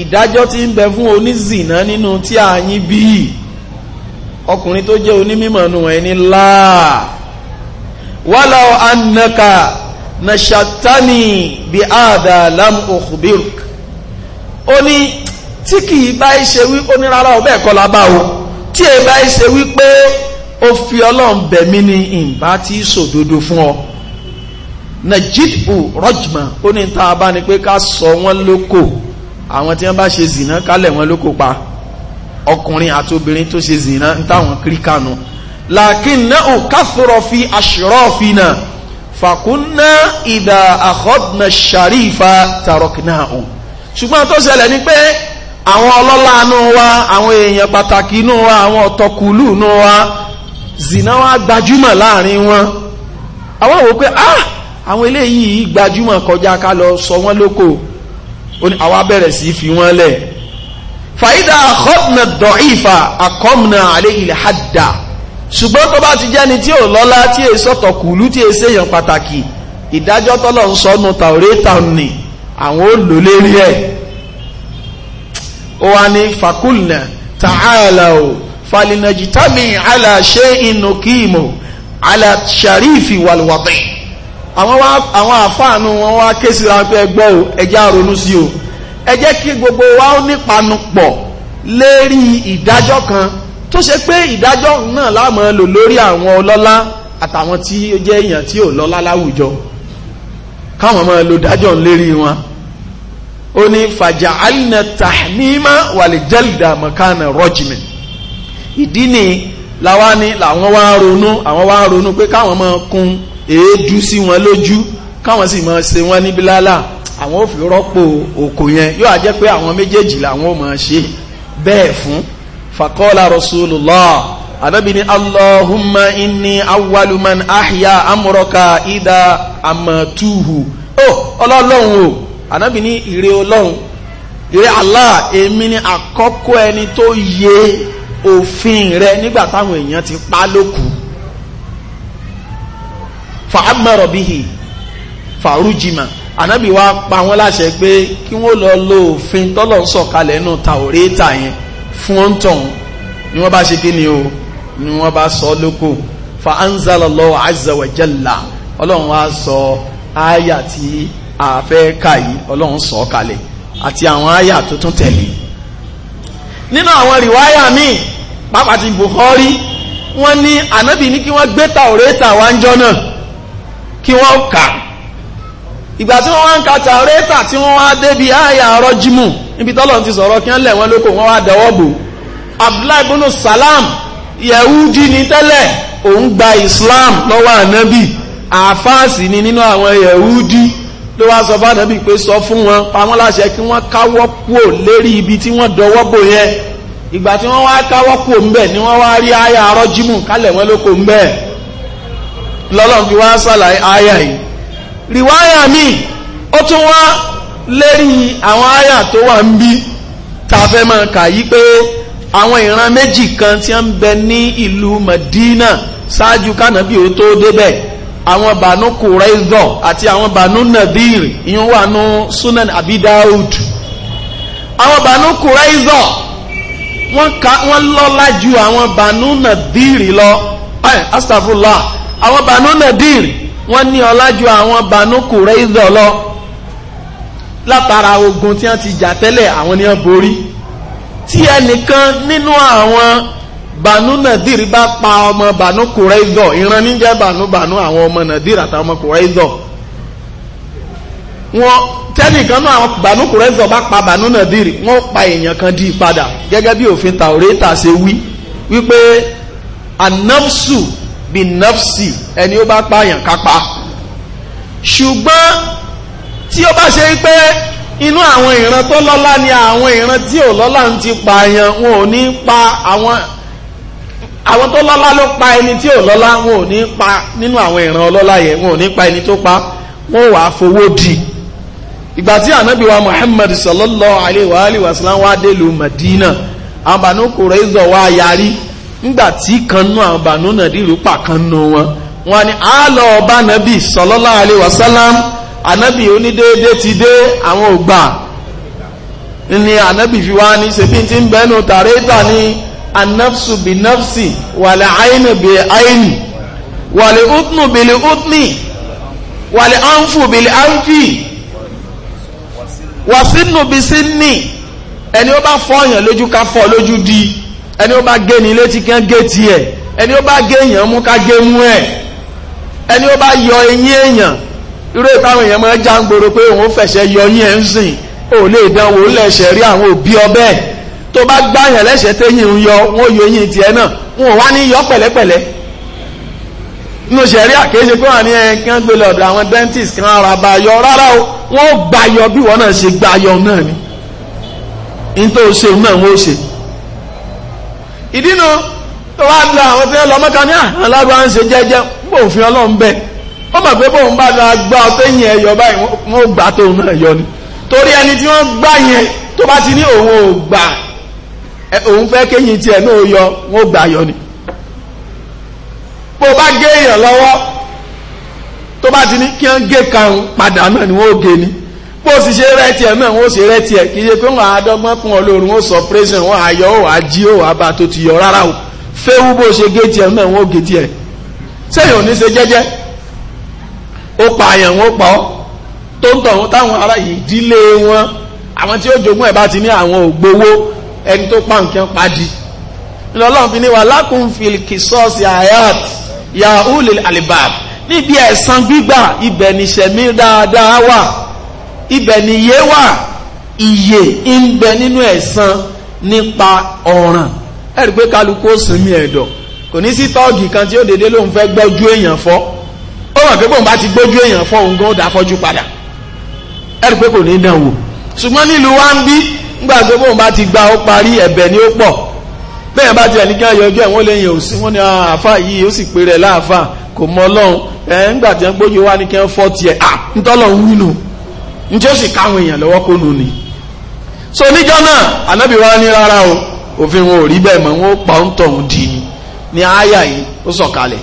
ìdájọ́ tí ń bẹ fún onízìnà nínú tí a yín ọkùnrin tó jẹ́ onímọ̀ nù ẹ̀ láà wàlá anaka nashatani bi ada lam ukhbirk ó ní tí kì í bá ṣe wí ó ní rárá ọbẹ̀ kọ́ la bá o tí ì bá ṣe wí pé ó fi ọlọ́run bẹ̀mí ni ìbá tí sòdodo fún ọ najidu rajma ó ní ta bá ní pé ká sọ wọ́n lóko àwọn tí wọ́n bá ṣe zìnà kálẹ̀ wọ́n lóko pa ọkùnrin àti obìnrin tó ṣe zìnà ń táwọn kíríkànù lakinnahu kathura fi ashrafina fakunna idha akhadna sharifa taraknahu ṣùgbọ́n tó ṣẹlẹ̀ ni pé àwọn ọlọ́lá inú wa àwọn èèyàn pàtàkì inú wa àwọn ọ̀tọ̀kùlù inú wa zìnà wa gbajúmọ̀ láàrin wọn àwọn wò pé ah àwọn eléyìí gbajúmọ̀ kọjá ká lọ sọ wọ́n lóko àwa bẹ̀rẹ̀ sí fi wọ́n lẹ̀ fàyídà àkọ́bùnà dọ̀ífà àkọ́bùnà àlẹ́ ilẹ̀ hàdà ṣùgbọ́n tó bá ti jẹ́ni tí ò lọ́lá tí è sọ́tọ̀ kùlú tí è séyàn pàtàkì ìdájọ́ tọ́lọ̀ ń sọnù tàórẹ́tà ni àwọn olò lérí ẹ̀ ó wá ní fàkúlnà tààlà ò falinajitami aláṣẹ inú kíìmù aláṣàrífì wàlúwàbẹ̀ àwọn àfáànù wọn wá ké síra pé ẹjá ronú sí o ẹ jẹ́ kí gbogbo wa ó nípanu pọ̀ lérí ìdájọ́ kan tó ṣe pé ìdájọ́ náà la máa lò lórí àwọn ọlọ́lá àtàwọn tí ó jẹ́ èèyàn tí ò lọ́lá láwùjọ káwọn máa lò dájọ́ lérí wọn ó ní fàjà àìnà tàhínímà wàlẹ̀ jẹ́lìdà mọ̀kánà rọ́jìmì ìdí ni làwọn wá ronú àwọn wá ronú pé káwọn máa kun èédú sí wọn lójú káwọn sì máa ṣe wọ́n ní bílálà àwọn ò fi rọ́pò òkò yẹn yóò àjẹ́ pé àwọn méjèèjì làwọn ò máa ṣe bẹ́ẹ̀ fún faqala rasulullah anabi ni allahumma inni awwalu man ahya amuraka ida amatuhu oh ọlọ́lọ́hun o anabi ni ire ọlọ́hun ire allah èmi ni àkọ́kọ́ ẹni tó farujima anabi wa pa wọ́n láṣẹ pé kí wọ́n lọ lo òfin tọ́lọ̀ ń sọ̀kalẹ̀ nù tàwórẹ́ta yẹn fún ọ̀ntọ̀hún ni wọ́n bá ṣe kí ni o ni wọ́n bá sọ lóko fa anzalallahu azza wa jalla ọlọ́run wa sọ àyà tí a fẹ́ kà yìí ọlọ́run sọ kalẹ̀ àti àwọn àyà tó tún tẹ̀lé nínú àwọn rìwáyà míì pàápàá ti Bukhari wọ́n ní ànábì ní kí wọ́n gbé tàwórẹ́ta wá ń jọ náà kí wọ́n kà á ìgbà tí wọ́n wá ń ka tàrẹ́tà tí wọ́n wá débi àyà rọ́jímù níbi tọ́lọ̀ ti sọ̀rọ̀ kí wọ́n lẹ̀ wọ́n lóko wọ́n wá dẹ̀wọ́ abdullahi bunu salam yẹ̀húdí ni tẹ́lẹ̀ òun gba islam lọ́wọ́ ànábì àfáàsì ni nínú àwọn yẹ̀húdí ló wá sọ fún ànábì pé sọ fún wọn pa wọ́n láṣẹ kí wọ́n káwọ́ kúò lérí ibi tí wọ́n dọwọ́ bò ìgbà tí wọ́n wá káwọ́ kúò ńbẹ̀ ni wọ́n wá rí àyà rọ́jímù kálẹ̀ wọ́n lóko ńbẹ̀ lọ́lọ́ fi wá sàlàyé àyà yìí rìwáyà mi ó tún wá lérí àwọn àyà tó wà ń bí ta fẹ́ máa kà yí pé àwọn ìran méjì kan tí ń bẹ ní ìlú Madina ṣáájú kánàbí ó tó débẹ̀ àwọn bànú kùrẹ́zọ̀ àti àwọn bànú nadir ìyún wà nú sunan abidaud àwọn bànú kùrẹ́zọ̀ wọ́n lọ́lá àwọn bànú nadir lọ astagfirullah àwọn bànú nadir wọ́n ní ọlá ju àwọn Banu Kurayza lọ látara ogun tí wọ́n ti jà tẹ́lẹ̀ àwọn ni wọ́n borí tí ẹnìkan nínú àwọn Banu Nadir bá pa ọmọ Banu Kurayza ìran níjẹ́ Banu Banu àwọn ọmọ Nadir àtàwọn ọmọ Kurayza wọn tẹnìkan náà àwọn Banu Kurayza bá pa Banu Nadir wọ́n pa èèyàn kan dí padà gẹ́gẹ́ bí òfin Taureta ṣe wí wípé anamsu binafsi ẹni ó bá pààyàn kápá ṣùgbọ́n tí ó bá ṣe pé inú àwọn ìran tó lọ́lá ni àwọn ìran tí ò lọ́lá ń ti pààyàn wọn ò ní pa àwọn àwọn tó lọ́lá ló pa ẹni tí ò lọ́lá wọn ò ní pa nínú àwọn ìran ọlọ́lá yẹn wọn ò ní pa ẹni tó pa wọn ò wá fowó di ìgbà tí ànábì wa Muhammad sallallahu alayhi wa alihi wa sallam wá Madina àbànú kò rẹ́ zọ̀ wá yarí ńgbà tí kanú àwọn bànú nàdírù pa kanú wọn wọn ni a lọ ọba nàbì sallallahu alaihi wasallam ànábì onídéédé ti dé àwọn ògbà ni ànábì fi wá ní ṣèbí tí ń bẹnu tàrẹ́tà ni anafsu bi nafsi wàlẹ̀ àìní bi àìní wàlẹ̀ utnu bi lè utni wàlẹ̀ anfu bi lè anfi wàsínú bi sínì ẹni ó bá fọyàn lójú ká fọ lójú di ẹni ó bá gé ní ilé tí kán gé ti ẹ̀ ẹni ó bá gé èèyàn mú ká gé mú ẹ̀ ẹni ó bá yọ eyín èèyàn irú ìtàwọn èèyàn máa já ń gbòòrò pé òun fẹ̀ṣẹ̀ yọ yín ẹ̀ ń sìn ò lè dánwò lẹ́ṣẹ̀ rí àwọn òbí ọbẹ̀ tó bá gbáyàn lẹ́ṣẹ̀ téyìn ń yọ wọn yọ eyín tiẹ̀ náà wọn ò wá ní yọ pẹ̀lẹ́pẹ̀lẹ́ nínú ṣẹ̀rí àkéṣe pé wọn ní ẹ kí wọn gbé ọ̀dọ̀ àwọn dentist kan ara bá yọ rárá o wọn ò gbà yọ bí wọn náà ṣe gbà yọ náà ni nítorí ṣe náà wọn ò ṣe ìdínà tó wá àwọn tí wọ́n ní ah, àwọn ń ṣe jẹ́jẹ́ bó òfin ọlọ́run bẹ́ẹ̀ ó mọ̀ pé bóun bá gba báyìí wọ́n gbà yọ ni torí ẹni tí wọ́n gbà yẹn tó bá ti ní òun ò gbà òun fẹ́ kéyìn ni bó bá gé èèyàn lọ́wọ́ tó bá ti ní kí wọ́n ni. bó sì ṣe rẹ́tì ẹ̀ náà wọ́n sì rẹ́tì ẹ̀ kì í ṣe pé wọ́n àádọ́gbọ́n fún ọ lóru wọ́n sọ pírẹ́sìn wọ́n àyọ̀ ó àjí ó àbá tó ti yọ rárá o fẹ́wú bó ṣe géètì ẹ̀ náà wọ́n géètì ẹ̀ sẹ́yìn ò ní ṣe jẹ́jẹ́ ó pa àyàn wọ́n pa ọ́ tó ń tọ̀hún táwọn ará yìí dílé wọn àwọn tí ó jogún ẹ̀ bá ti ní àwọn ògbówó ẹni tó pa nǹkan padì lọ́lọ́run fi alibab níbi ẹ̀san gbígbà ibẹ̀ níṣẹ̀mí dáadáa wà ibẹ̀ ni iye wà iye ń bẹ nínú ẹ̀san nípa ọ̀ràn ẹ̀rí pé kálukú ó sinmi ẹ̀dọ̀ kò ní sí tọ́ọ̀gì kan tí ó dédé lóun fẹ́ gbọ́jú èèyàn fọ́ ó hàn pé bóun bá ti gbójú èèyàn fọ́ òun gan ó dá fọ́jú padà ẹ̀rí pé kò ní dán wò ṣùgbọ́n nílùú wa ń bí nígbà tó bóun bá ti gba ó parí ẹ̀bẹ̀ ni ó pọ̀ bẹ́ẹ̀ bá ti ẹ̀nìkan yọjú ẹ̀ wọ́n lè yàn òsì wọ́n ní àáfà yìí ó sì pèrè láàfà kò mọ ọlọ́run ẹ̀ ńgbà tí wọ́n gbójú wá ní kí wọ́n fọ́ tiẹ̀ à ńtọ́lọ́run wínú njẹ́ ó sì káwọn èèyàn lọ́wọ́ kó nu ni so níjọ́ náà ànábì wa ní rárá o òfin wọn ò rí bẹ́ẹ̀ mọ́ wọn ó pa ń tọ̀hún di ni ní àyà yìí ó sọ̀kalẹ̀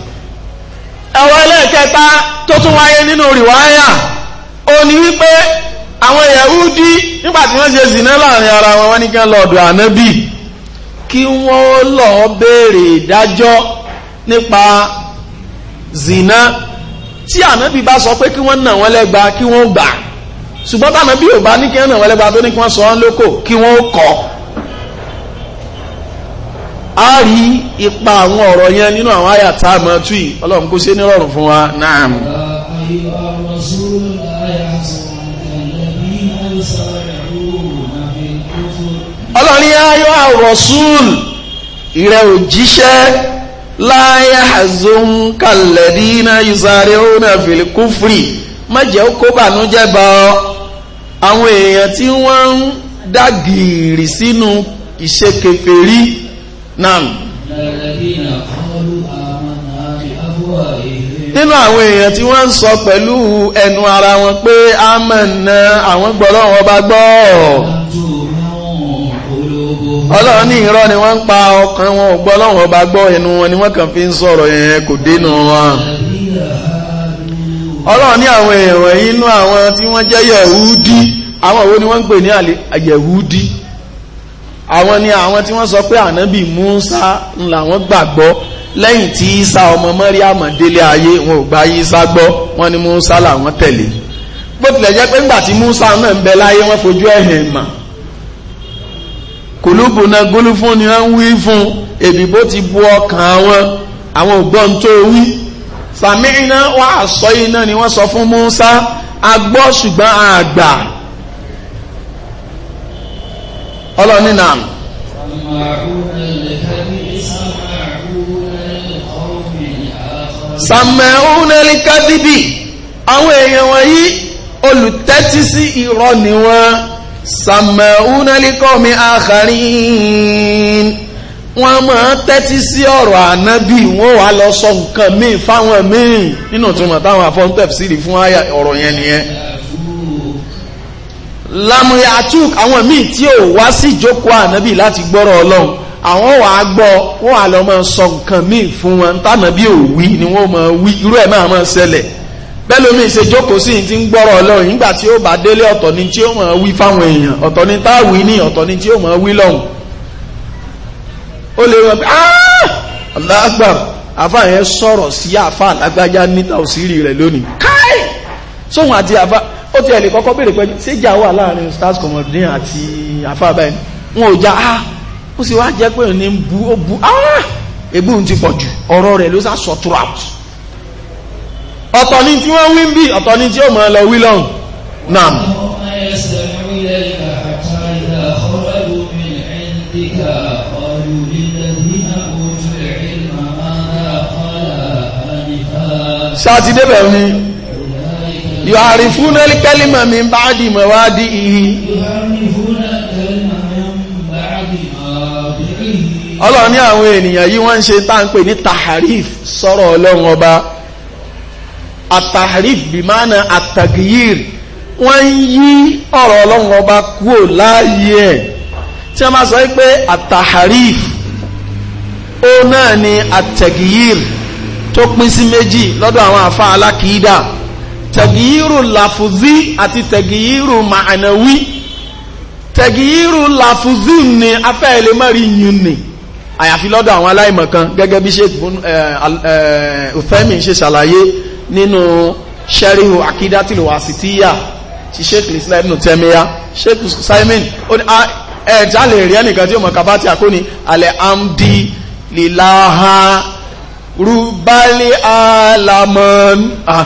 ẹ̀wọ́ ẹlẹ́ẹ̀kẹta tó tún wáyé nínú rìwáyà ó ní wípé àwọn Yahudi nígbà tí wọ́n ṣe zìnà láàrin ara wọn wọ́n ní kí wọ́n lọ ọ̀dọ̀ ànábì kí wọ́n lọ béèrè ìdájọ́ nípa zìnà tí ànábì bá sọ pé kí wọ́n nà wọ́n lẹ́gba kí wọ́n gbà ṣùgbọ́n táwọn bí yorùbá ní kí wọ́n nà wọ́n lẹ́gbàá tó ní kí wọ́n sọ ọ́n lóko kí wọ́n kọ́ a rí ipa àwọn ọ̀rọ̀ yẹn nínú àwọn àyà tá a mọ̀ tú yìí ọlọ́run kó ṣe nírọ̀rùn fún wa náà. ọlọ́run yẹn ayọ́ àrọ̀sùn ìrẹ òjíṣẹ́ láyà àzóńkàlẹ̀dínà ìsàrẹ̀ òun àfìlẹ̀ kúfrì má jẹ́ kó bànújẹ́ bá ọ àwọn èèyàn tí wọ́n ń dàgìrì sínú ìṣe kèfèrí náà nínú àwọn èèyàn tí wọ́n ń sọ pẹ̀lú ẹnu ara wọn pé amẹ́nà àwọn gbọ́rọ̀ wọn bá gbọ́ ọlọ́run ní irọ́ ni wọ́n ń pa ọkàn wọn ò gbọ́ ọlọ́run ọba gbọ́ ẹnu wọn ni wọ́n kàn fi ń sọ̀rọ̀ yẹn kò dénú wọn ọlọ́run ní àwọn èèyàn inú àwọn tí wọ́n jẹ́ yẹ̀húdí àwọn wo ni wọ́n ń pè ní àyẹ̀wúdí àwọn ni àwọn tí wọ́n sọ pé ànábì Musa ńlá wọ́n gbàgbọ́ lẹ́yìn tí Isa ọmọ Màríàmù délé ayé wọn ò gba Isa gbọ́ wọ́n ní Musa làwọn tẹ̀lé bó tilẹ̀ jẹ́ pé ńgbà tí Musa náà ń bẹ láyé wọ́n fojú ẹ̀hìn mà kùlùkù náà gólú fún ni wọ́n ń wí fún èbìbó ti bu ọkàn wọn àwọn ògbọ́n tó wí sàmì iná wà àsọ iná ni wọ́n sọ fún Musa agbọ́ ṣùgbọ́n àgbà ọlọ́ni náà. sàmẹ̀húnẹ́lì kádìbì àwọn èèyàn wọ̀nyí olùtẹ́tí sí irọ́ ni wọ́n sàmẹ̀húnẹ́lì kọ́mi àkàrín wọ́n máa tẹ́tí sí ọ̀rọ̀ ànábì wọ́n wá lọ sọ nǹkan míì fáwọn míì nínú ìtumọ̀ táwọn afọ́ńtẹ̀fì sí rí fún ọ̀rọ̀ yẹn nìyẹn lamuya atuk àwọn míì tí ò wá sí ìjókòó ànábì láti gbọ́rọ̀ ọlọ́run àwọn wàá gbọ́ wọ́n á lọ máa sọ nǹkan míì fún wọn tànàbí ò wí ni wọ́n máa wí irú ẹ̀ máa máa ṣẹlẹ̀ bẹ́ẹ̀ lómi ìṣèjókòó sí ti ń gbọ́rọ̀ ọlọ́run nígbà tí ó bá délé ọ̀tọ̀ ni tí ó máa wí fáwọn èèyàn ọ̀tọ̀ ni tá a wí ní ọ̀tọ̀ ni tí ó máa wí lọ́hùn ó lè wọ́n pé alágbà àfa yẹn sọ̀rọ̀ sí àfa alágbájá níta òsì rẹ̀ lónìí káì sóhun àti àfa ó ti ẹ̀lẹ́ kọ́kọ́ béèrè pẹ̀lú séjà wà láàrin stars comodine àti afábẹ́ wọn ò já a ah, ó sì wá jẹ́ pé ní bu ó bu ah ègbóhùn ti pọ̀ jù ọ̀rọ̀ rẹ̀ ló sá sọ throughout ọ̀tọ̀ ni tí wọ́n wí ń bí ọ̀tọ̀ ni tí ó mọ̀ lọ wí lọ́hùn náà. ṣáà ti ni. يعرفون الكلمة من بعد موادئه ọlọ́run ní àwọn ènìyàn yìí wọ́n ń ṣe tá ń pè ní taharif sọ̀rọ̀ ọlọ́run ọba ataharif bimana atagiyir wọ́n ń yí ọ̀rọ̀ ọlọ́run ọba kúrò láàyè ẹ̀ tí wọ́n máa sọ pé ataharif ó náà ni atagiyir tó pín sí méjì lọ́dọ̀ àwọn àfa alákìídà tẹ̀gìírù làfùzí àti tẹ̀gìírù màánàwí tẹ̀gìírù lafuzi ni afẹ́ ilé mẹ́rin yìí ni àyàfi lọ́dọ̀ àwọn aláìmọ̀ kan gẹ́gẹ́ bí sheikh eh, eh, uthemi ṣe ṣàlàyé nínú sherihu akidatil wasitiya ti sheikh islam ibn temiya sheikh simon ẹ̀ẹ̀ta lè rí ẹnìkan tí ó mọ̀ kàbátí àkóní alẹ́ amdi lilaha rubali alamọ́n ah,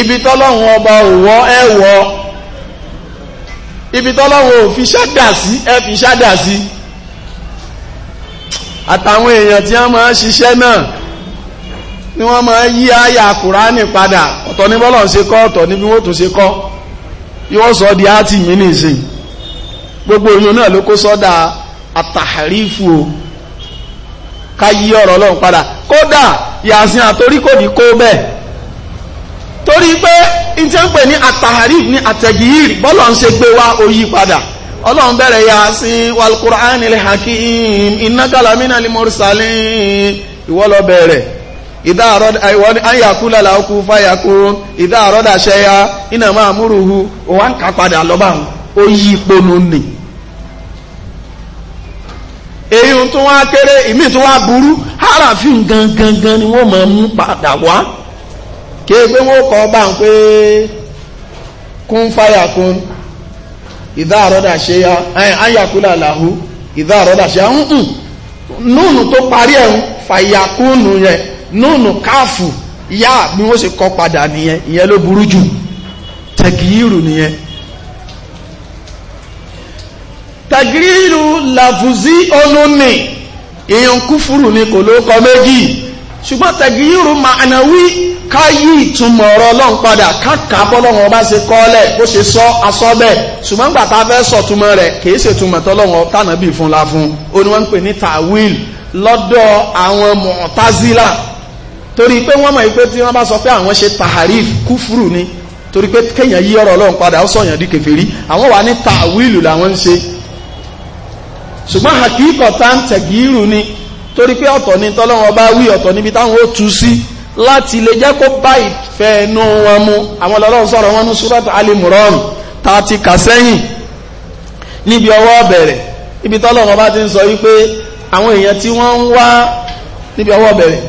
ibi tọ́lọ́run ọba òwọ́ ẹ̀wọ́ ibi tọ́lọ́run ò fi ṣádà sí ẹ fi ṣádà sí àtàwọn èèyàn tí wọ́n máa ń ṣiṣẹ́ náà ni wọ́n máa yí àyà kùránì padà ọ̀tọ̀ ní bọ́lọ̀ ṣe kọ́ ọ̀tọ̀ níbi wọ́n tún ṣe kọ́ yóò sọ di áàtì mí nìsín gbogbo oyún náà ló kó sọ́dà àtàrífù o ká yí ọ̀rọ̀ ọlọ́run padà kódà yàsìn àtoríkòdì kó bẹ́ẹ̀ torí pé n tí ń pè ní àtàhàríf ní àtẹ̀gìyìrì bọ́lọ̀ ṣe gbé wa padà ọlọ́run bẹ̀rẹ̀ ya sí walkur'an ilẹ̀ hakim innaka laminal mursalin ìwọ ló bẹ̀rẹ̀ ìdá àrọ́dà ìwọ́n ayàkúlà làókù fàyàkùn ìdá àrọ́dà ṣẹya iná máa múrùhù òwà ń kà padà lọ́bà ó èyí tó wá kéré ìmí tó wá gangan ni wọ́n máa mú kìí pé wọ́n kọ́ bá ń pé kún fáyà kún ìdá àrọ́dà ṣe ya làhú ìdá àrọ́dà ṣe ya núùnù tó parí ẹ̀hún fàyà yẹn núùnù káàfù yá bí wọ́n ṣe kọ́ padà nìyẹn ìyẹn ló ká yí ìtumọ̀ ọ̀rọ̀ ọlọ́run padà káàkà bọ́lọ́run ọba ṣe kọ́lẹ̀ ó ṣe sọ asọ́ bẹ́ẹ̀ ṣùgbọ́n gbà tá a fẹ́ sọ̀túmọ̀ rẹ̀ kìí ṣètumọ̀ tọ́lọ́run tànà bíi fúnla fún ó ní ń pè ní tawil lọ́dọ̀ àwọn mọ̀tazila torí pé wọ́n mọ̀ pé tí wọ́n bá sọ pé àwọn ṣe taharif kúfùrù ni torí pé kéèyàn yí ọ̀rọ̀ ọlọ́run padà ó sọ̀yàn di kèfèrí àwọn wà ní tawil làwọn ń ṣe ṣùgbọ́n hakíkọ̀ tá ń tẹ̀gírù ni torí pé ọ̀tọ̀ ni tọ́lọ́run ọba wí ọ̀tọ̀ níbi táwọn ó tu sí láti lè jẹ́ kó bá ìfẹ́ inú wọn mu àwọn ọlọ́run sọ̀rọ̀ wọn ní surat alimuran ta ti kà sẹ́yìn níbi ọwọ́ bẹ̀rẹ̀ ibi tọ́lọ́run bá ti ń sọ wípé àwọn èèyàn tí wọ́n ń wá níbi ọwọ́ bẹ̀rẹ̀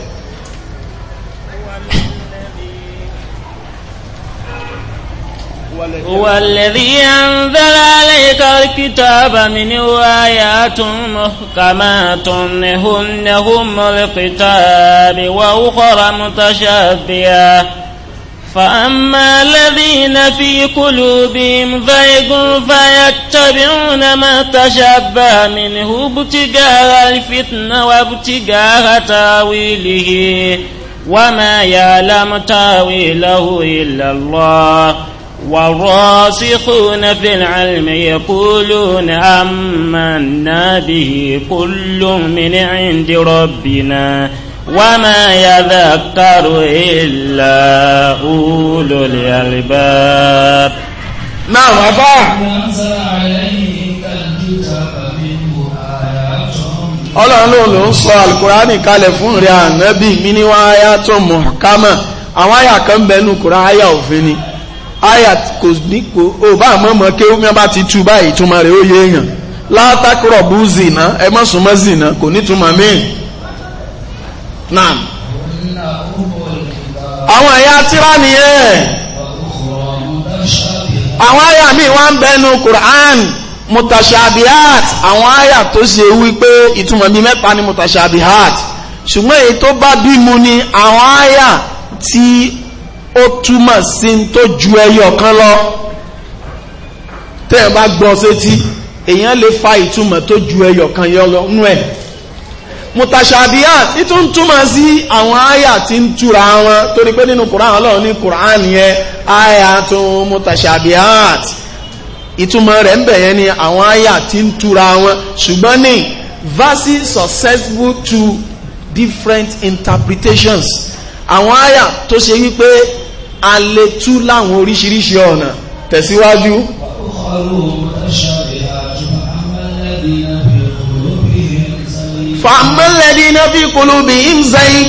هو الذي أنزل عليك الكتاب منه آيات محكمات هن هم الكتاب وأخرى متشابهة فأما الذين في قلوبهم زيغ فيتبعون ما تشبه منه ابتغاء الفتنة وابتغاء تاويله وما يعلم تاويله إلا الله والراسخون في العلم يقولون آمنا به كل من عند ربنا وما يذكر إلا أولو الألباب نعم أبا ọlọ́run ló ń sọ alukurani kalẹ̀ fún rẹ̀ ànábì mi ní wọ́n áyá tó mọ̀ kámọ̀ àwọn àyà kan bẹ́ẹ̀ nù kúrò òfin ni ayat kò ní kò ó bá àmọ́mọ́ ké omi ọba ti tú báyìí túmọ̀ rẹ̀ ó yé èèyàn látàkùrọ̀ bú zìnà ẹ má súnmọ́ zìnà kò ní túmọ̀ míì náà àwọn ẹ̀yà tíra nìyẹn àwọn àyà míì wá ń bẹnu Qur'an mutashabihat àwọn àyà tó ṣe wípé ìtumọ̀ bíi mẹ́ta ni mutashabihat ṣùgbọ́n èyí tó bá bí mu ni àwọn àyà tí ó túmọ̀ sí tó ju ẹyọ kan lọ tẹ́ bá gbọ́ sétí èèyàn lè fa ìtumọ̀ tó ju ẹyọ kan yọ lọ nú ẹ̀ mutashabihat títún túmọ̀ sí àwọn àyà tí ń túra wọn torí pé nínú Kùránì Ọlọ́run ní Kùránì yẹn àyà tún mutashabihat ìtumọ̀ rẹ̀ ń bẹ̀ yẹn ni àwọn àyà tí ń túra wọn ṣùgbọ́n ní verses susceptible to different interpretations àwọn àyà tó ṣe wípé a lè tú láwọn oríṣiríṣi ọ̀nà tẹ̀síwájú fàmílẹ̀dí iná fi kòlóbì ìmzẹ́yìn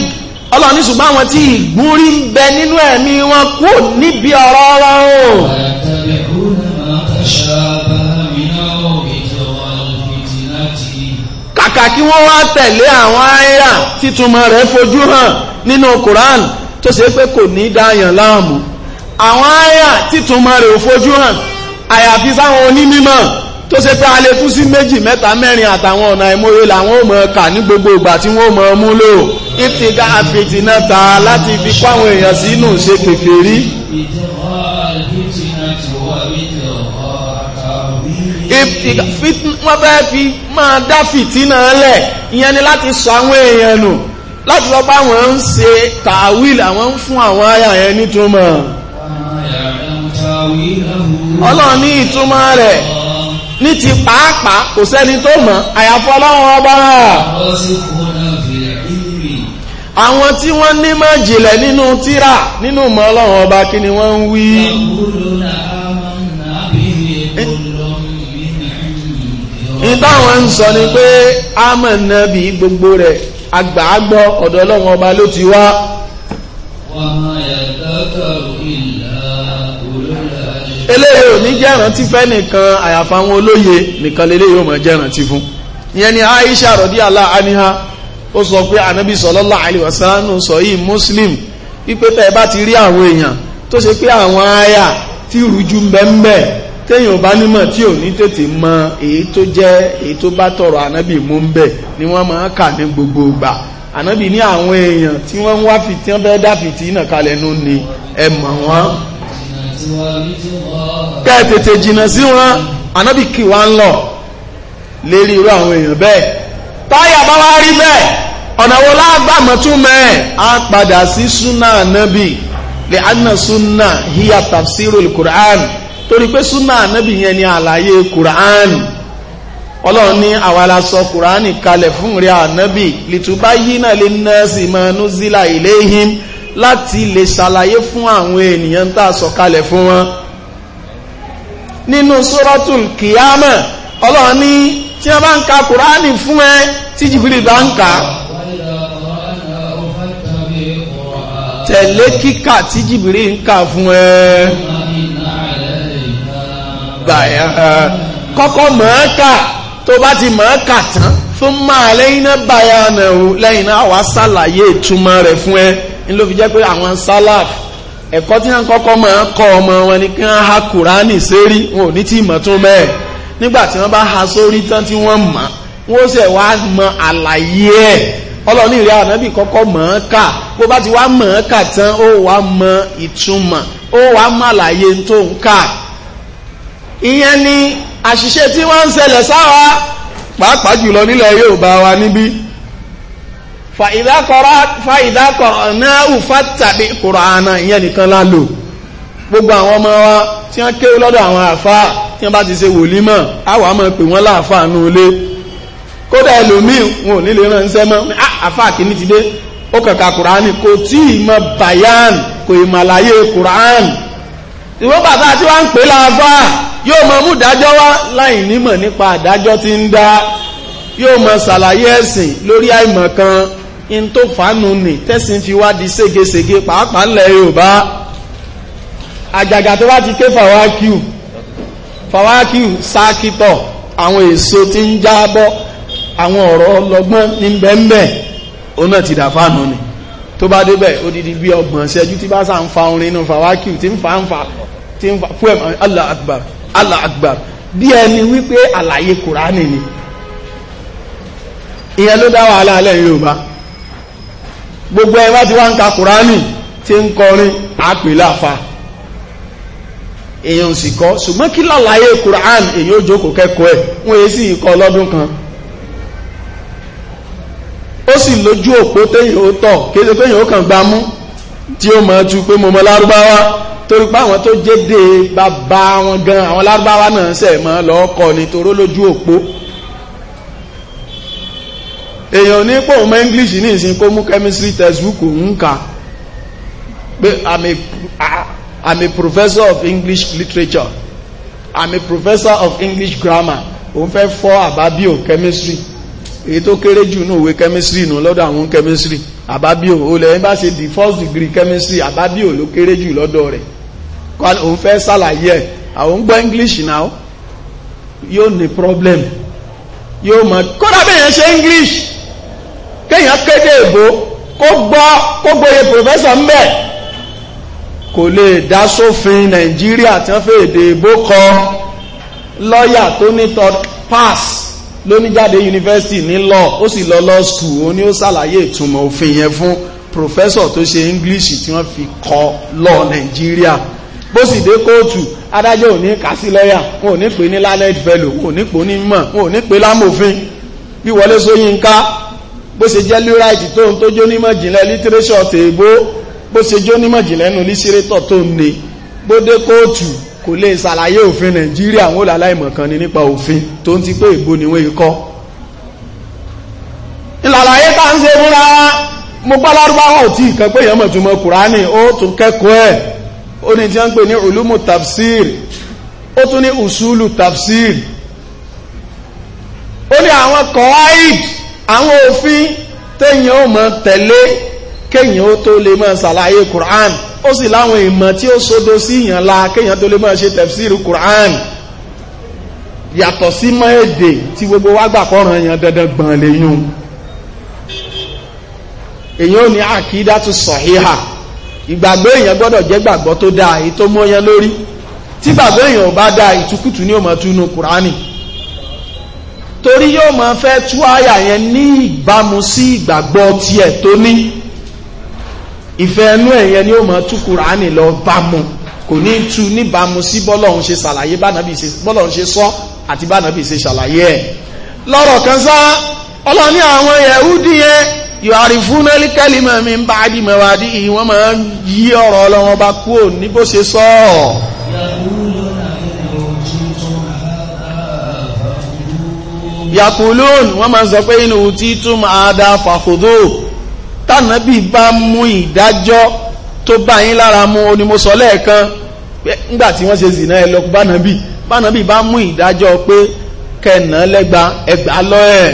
ọlọ́ni ṣùgbọ́n àwọn tí ìgbúrí ń bẹ nínú ẹ̀mí wọn kú níbi ọ̀rọ̀ ọ̀rọ̀ o kàkà kí wọ́n wá tẹ̀lé àwọn àyà títúmọ̀ rẹ̀ fojú hàn nínú Kùránì tó ṣe pé kò ní dáyàn láàmú àwọn àyà títúmọ̀ rẹ̀ ò fojú hàn àyàfi sáwọn onímọ̀ tó ṣe pé a lè fún sí méjì mẹ́ta mẹ́rin àtàwọn ọ̀nà ìmòye làwọn ò mọ̀ kà ní gbogbo ìgbà tí wọ́n mọ̀ mú lò ìtìgá àfìtìnà ta láti fi kó àwọn èèyàn sínú ṣe kèfèrí. wọ́n fẹ́ fi máa dá fìtínà lẹ̀ ìyẹn ni láti sọ àwọn èèyàn nù láti lọ bá wọn ń ṣe tàwíl àwọn ń fún àwọn àyà yẹn nítumọ̀ ọlọ́run ní ìtumọ̀ rẹ̀ ní ti pàápàá kò sẹ́ni tó mọ̀ àyàfọ́ ọlọ́run ọba àwọn tí wọ́n ní mọ̀ jìnlẹ̀ nínú tírà nínú mọ̀ ọlọ́run ọba kí ni wọ́n ń wí ìtàwọn ń sọ ni pé amọ̀ nàbí gbogbo rẹ̀ agbàágbọ́ ọ̀dọ̀ ọlọ́run ọba ló ti wá eléyìí ò ní jẹ́rántí fẹ́ nìkan àyàfà àwọn olóye nìkan lélẹ́yìí ò mọ̀ jẹ́rántí fún ìyẹn ni Aisha radiyallahu anha ó sọ pé ànábì sallallahu alaihi wasallam sọ yìí Muslim wípé tẹ́ bá ti rí àwọn èèyàn tó ṣe pé àwọn aya tí rújú ń téèyàn bá nímọ̀ tí ò ní tètè mọ èyí tó jẹ́ èyí tó bá tọrọ ànábì mú ń bẹ̀ ni wọ́n máa kà ní gbogbo ìgbà ànábì ní àwọn èèyàn tí wọ́n ń wá fìtí wọ́n bẹ́ẹ̀ dá fìtí náà kalẹ̀ nù ni ẹ mọ̀ wọ́n. kẹ́ tètè jìnnà sí wọn ànábì kì wá ń lọ lérí irú àwọn èèyàn bẹ́ẹ̀ táyà bá wá rí bẹ́ẹ̀ ọ̀nà wo lágbàmọ̀ tún mẹ́ẹ̀ á padà sí súnà ànábì lè ànà súnà híyà tafsirul Qur'an torí pé súnà ànábì yẹn ni àlàyé kùránì ọlọ́run ní àwa la sọ kùránì kalẹ̀ fún rẹ̀ ànábì lìtúbá yìí náà lè ná sí mọ́ nùzílà iléhìn láti lè ṣàlàyé fún àwọn ènìyàn tá a sọ kalẹ̀ fún wọn nínú sórọ́tù kìámà ọlọ́run ní tí wọ́n bá ń ka kùránì fún ẹ tí jìbìrì bá ń kà á tẹ̀lé kíkà tí jìbìrì ń kà fún ẹ gbà ẹ̀ hàn kọ́kọ́ màá kà tó bá ti màá kà tán fún máa lẹ́yìn náà báyà náà lẹ́yìn náà wàá ṣàlàyé ìtumọ̀ rẹ̀ fún ẹ ló fi jẹ́ pé àwọn sálàf ẹ̀kọ́ tí wọ́n kọ́kọ́ máa kọ́ ọmọ wọn ni kí wọ́n ha kùránì sérí wọn ò ní tí mọ̀ tún bẹ́ẹ̀ nígbà tí wọ́n bá ha sórí tán tí wọ́n mọ̀ wọ́n sì wá mọ àlàyé ẹ̀ ọlọ́ọ̀ni ìrẹ́ ànábì kọ́kọ́ mọ̀ kà bó bá ti wá mọ̀ kà tán ó wá mọ ìtumọ̀ ó wá mọ àlàyé tó ń kà ìyẹn ni àṣìṣe tí wọ́n ń ṣẹlẹ̀ sáwa pàápàá jùlọ nílẹ̀ Yorùbá wa níbí fàìdákọ̀ náà ùfà tàbí kùránà ìyẹn nìkan lálò gbogbo àwọn ọmọ wa tí wọ́n kéwú lọ́dọ̀ àwọn àfáà tí wọ́n bá ti ṣe wòlímọ̀ àwọn àmọ́ pè wọ́n láàfáà nù ilé kódà ẹlòmíì wọn ò nílé ránṣẹ́ mọ́ ah, àfáà kìíní ti dé ó kàkà kùránì kò tí ì mọ bàyán kò ì ìwọ́n bàtà tí wá ń pè láàfá yóò mọ mú dájọ́ wá láì nímọ̀ nípa àdájọ́ tí ń dá yóò mọ ṣàlàyé ẹ̀sìn lórí àìmọ̀ kan in tó fàánù nì tẹ́sìn fi wá di ségesège pàápàá ńlẹ̀ Yorùbá àjàgà tó bá ti ké fàwákìú fàwákìú sákìtọ̀ àwọn èso tí ń jábọ́ àwọn ọ̀rọ̀ ọlọ́gbọ́n ní bẹ́ẹ̀ bẹ́ẹ̀ òun náà ti dà fàánù nì tó bá débẹ̀ ó dídí bí ọgbọ̀n ṣẹ́jú tí bá sá ń fa orin inú fàwákìú tí ń fa ń fa tí ń fa fún ẹ̀mọ̀ Allah Akbar Allah Akbar bí ẹni wípé àlàyé kùránì ni ìyẹn ló dá wàhálà alẹ́ Yorùbá gbogbo ẹ bá ti wá ń ka kùránì tí ń kọrin fa èèyàn sì kọ́ ṣùgbọ́n kí lọ́láyé kùránì èèyàn ó jókòó kẹ́kọ̀ọ́ ẹ̀ wọ́n yé sí ìkọ́ lọ́dún kan ó sì lójú òpó téyìn ó tọ̀ kéde téyìn ó kàn gbá mú tí ó mọ̀ tu pé mo mọ lárúbáwá torí pé àwọn tó jéde bàbá wọn gan àwọn lárúbáwá náà ṣẹ̀ mọ́ lọ́ọ́kọ́ ni toró lójú òpó èèyàn ní pòun mọ́ english ní ìsìn kó mú chemistry textbook ń pé i'm a i'm a professor of english literature i'm a professor of english grammar òun fẹ́ fọ́ àbábíò chemistry èyí tó kéré jù ní òwe chemistry nù lọ́dọ̀ àwọn chemistry àbábíò ó lẹ́yìn bá ṣe di first degree chemistry àbábíò ló kéré jù lọ́dọ̀ rẹ̀ kọ́ òun fẹ́ ṣàlàyé ẹ̀ àwọn gbọ́ english now yóò ní problem yóò mọ̀ kódà bẹ́yẹn ṣe english kéèyàn kéde èbó kó gbọ́ kó gboyè professor ń bẹ̀ kò lè dá sófin nàìjíríà tí wọ́n fẹ́ èdè èbó kọ lọ́ọ̀yà tó ní third pass ló ní jáde yunifásitì ní law ó sì lọ law school ó ní ó ṣàlàyé ìtumọ̀ òfin yẹn fún professor tó ṣe english tí wọ́n fi kọ law nàìjíríà bó sì dé kóòtù adájọ́ ò ní kà sí lọ́yà wọn ò ní pè ní lanet fellow wọn ò ní pè ní mọ̀ wọn ò ní pè lámòfin bí Wọlé Ṣóyínká bó ṣe jẹ́ lúráìtì tó ń tó jónímọ̀ jìnlẹ̀ lítírẹ́ṣọ̀ tèébó bó ṣe jónímọ̀ jìnlẹ̀ nù lísírẹ́tọ̀ tó ń ne bó dé kóòtù kò lè ṣàlàyé òfin nàìjíríà wọn làláìmọ̀kan ni nípa òfin tó ń ti pé ìbò níwọ̀n ikọ́ ìlàlàyé tá ń ṣe múra mo gbọ́ lárúbáwọ̀ tí ìkan pé èèyàn mọ̀túnmọ̀ kùránì ó tún kẹ́kọ̀ọ́ ẹ̀ ó ó usulu tafsir ó ní àwọn kọ́áìd àwọn òfin téèyàn ó mọ̀ tẹ̀lé kéèyàn ó tó lè mọ̀ ṣàlàyé kùránì ó sì láwọn ìmọ̀ tí ó sódó sí ìyàn la kéèyàn tó lè máa ṣe tẹ̀fsíìrù Qur'an yàtọ̀ sí mọ́ èdè tí gbogbo wa gbà kọ́ran yẹn dandan gbọ̀n lẹ́yìn èyàn ò ní àkídá tó sọ̀híhà ìgbàgbọ́ èyàn gbọ́dọ̀ jẹ́ gbàgbọ́ tó dáa èyí tó mọ́yán lórí tí gbàgbọ́ èyàn ò bá dáa ìtukùtù ní òmò túnú Kùránì torí yóò máa fẹ́ tú àyà yẹn ní ìbámu sí ìgbàgbọ́ tiẹ̀ tó ní ìfẹ́ ẹnu ẹ̀yẹn ni ó mọ̀ tú kùránì lọ bámu kò ní tú níbàámu sí bọ́lọ́hun ṣe ṣàlàyé bọ́lọ́hun ṣe sọ àti bánàbí ṣe ṣàlàyé ẹ̀ lọ́rọ̀ kan sá ọlọ́ni àwọn yẹ̀húdí yẹn yọ̀rí fún ẹlẹ́kẹ́lìmọ̀ mi ń bá dìmọ̀wádìí ìwọ́n máa yí ọ̀rọ̀ ọlọ́wọ́n bá kú ò ṣe sọ yàkùlùn wọ́n máa sọ pé inú títún máa dá fàkùdó tànàbí bá mú ìdájọ́ tó bá yín lára mu ó ní mo sọ lẹ́ẹ̀kan nígbà tí wọ́n ṣe zìnà ẹ lọ bánàbí bánàbí bá mú ìdájọ́ pé kẹ̀nà lẹ́gba ẹgbàá lọ ẹ̀.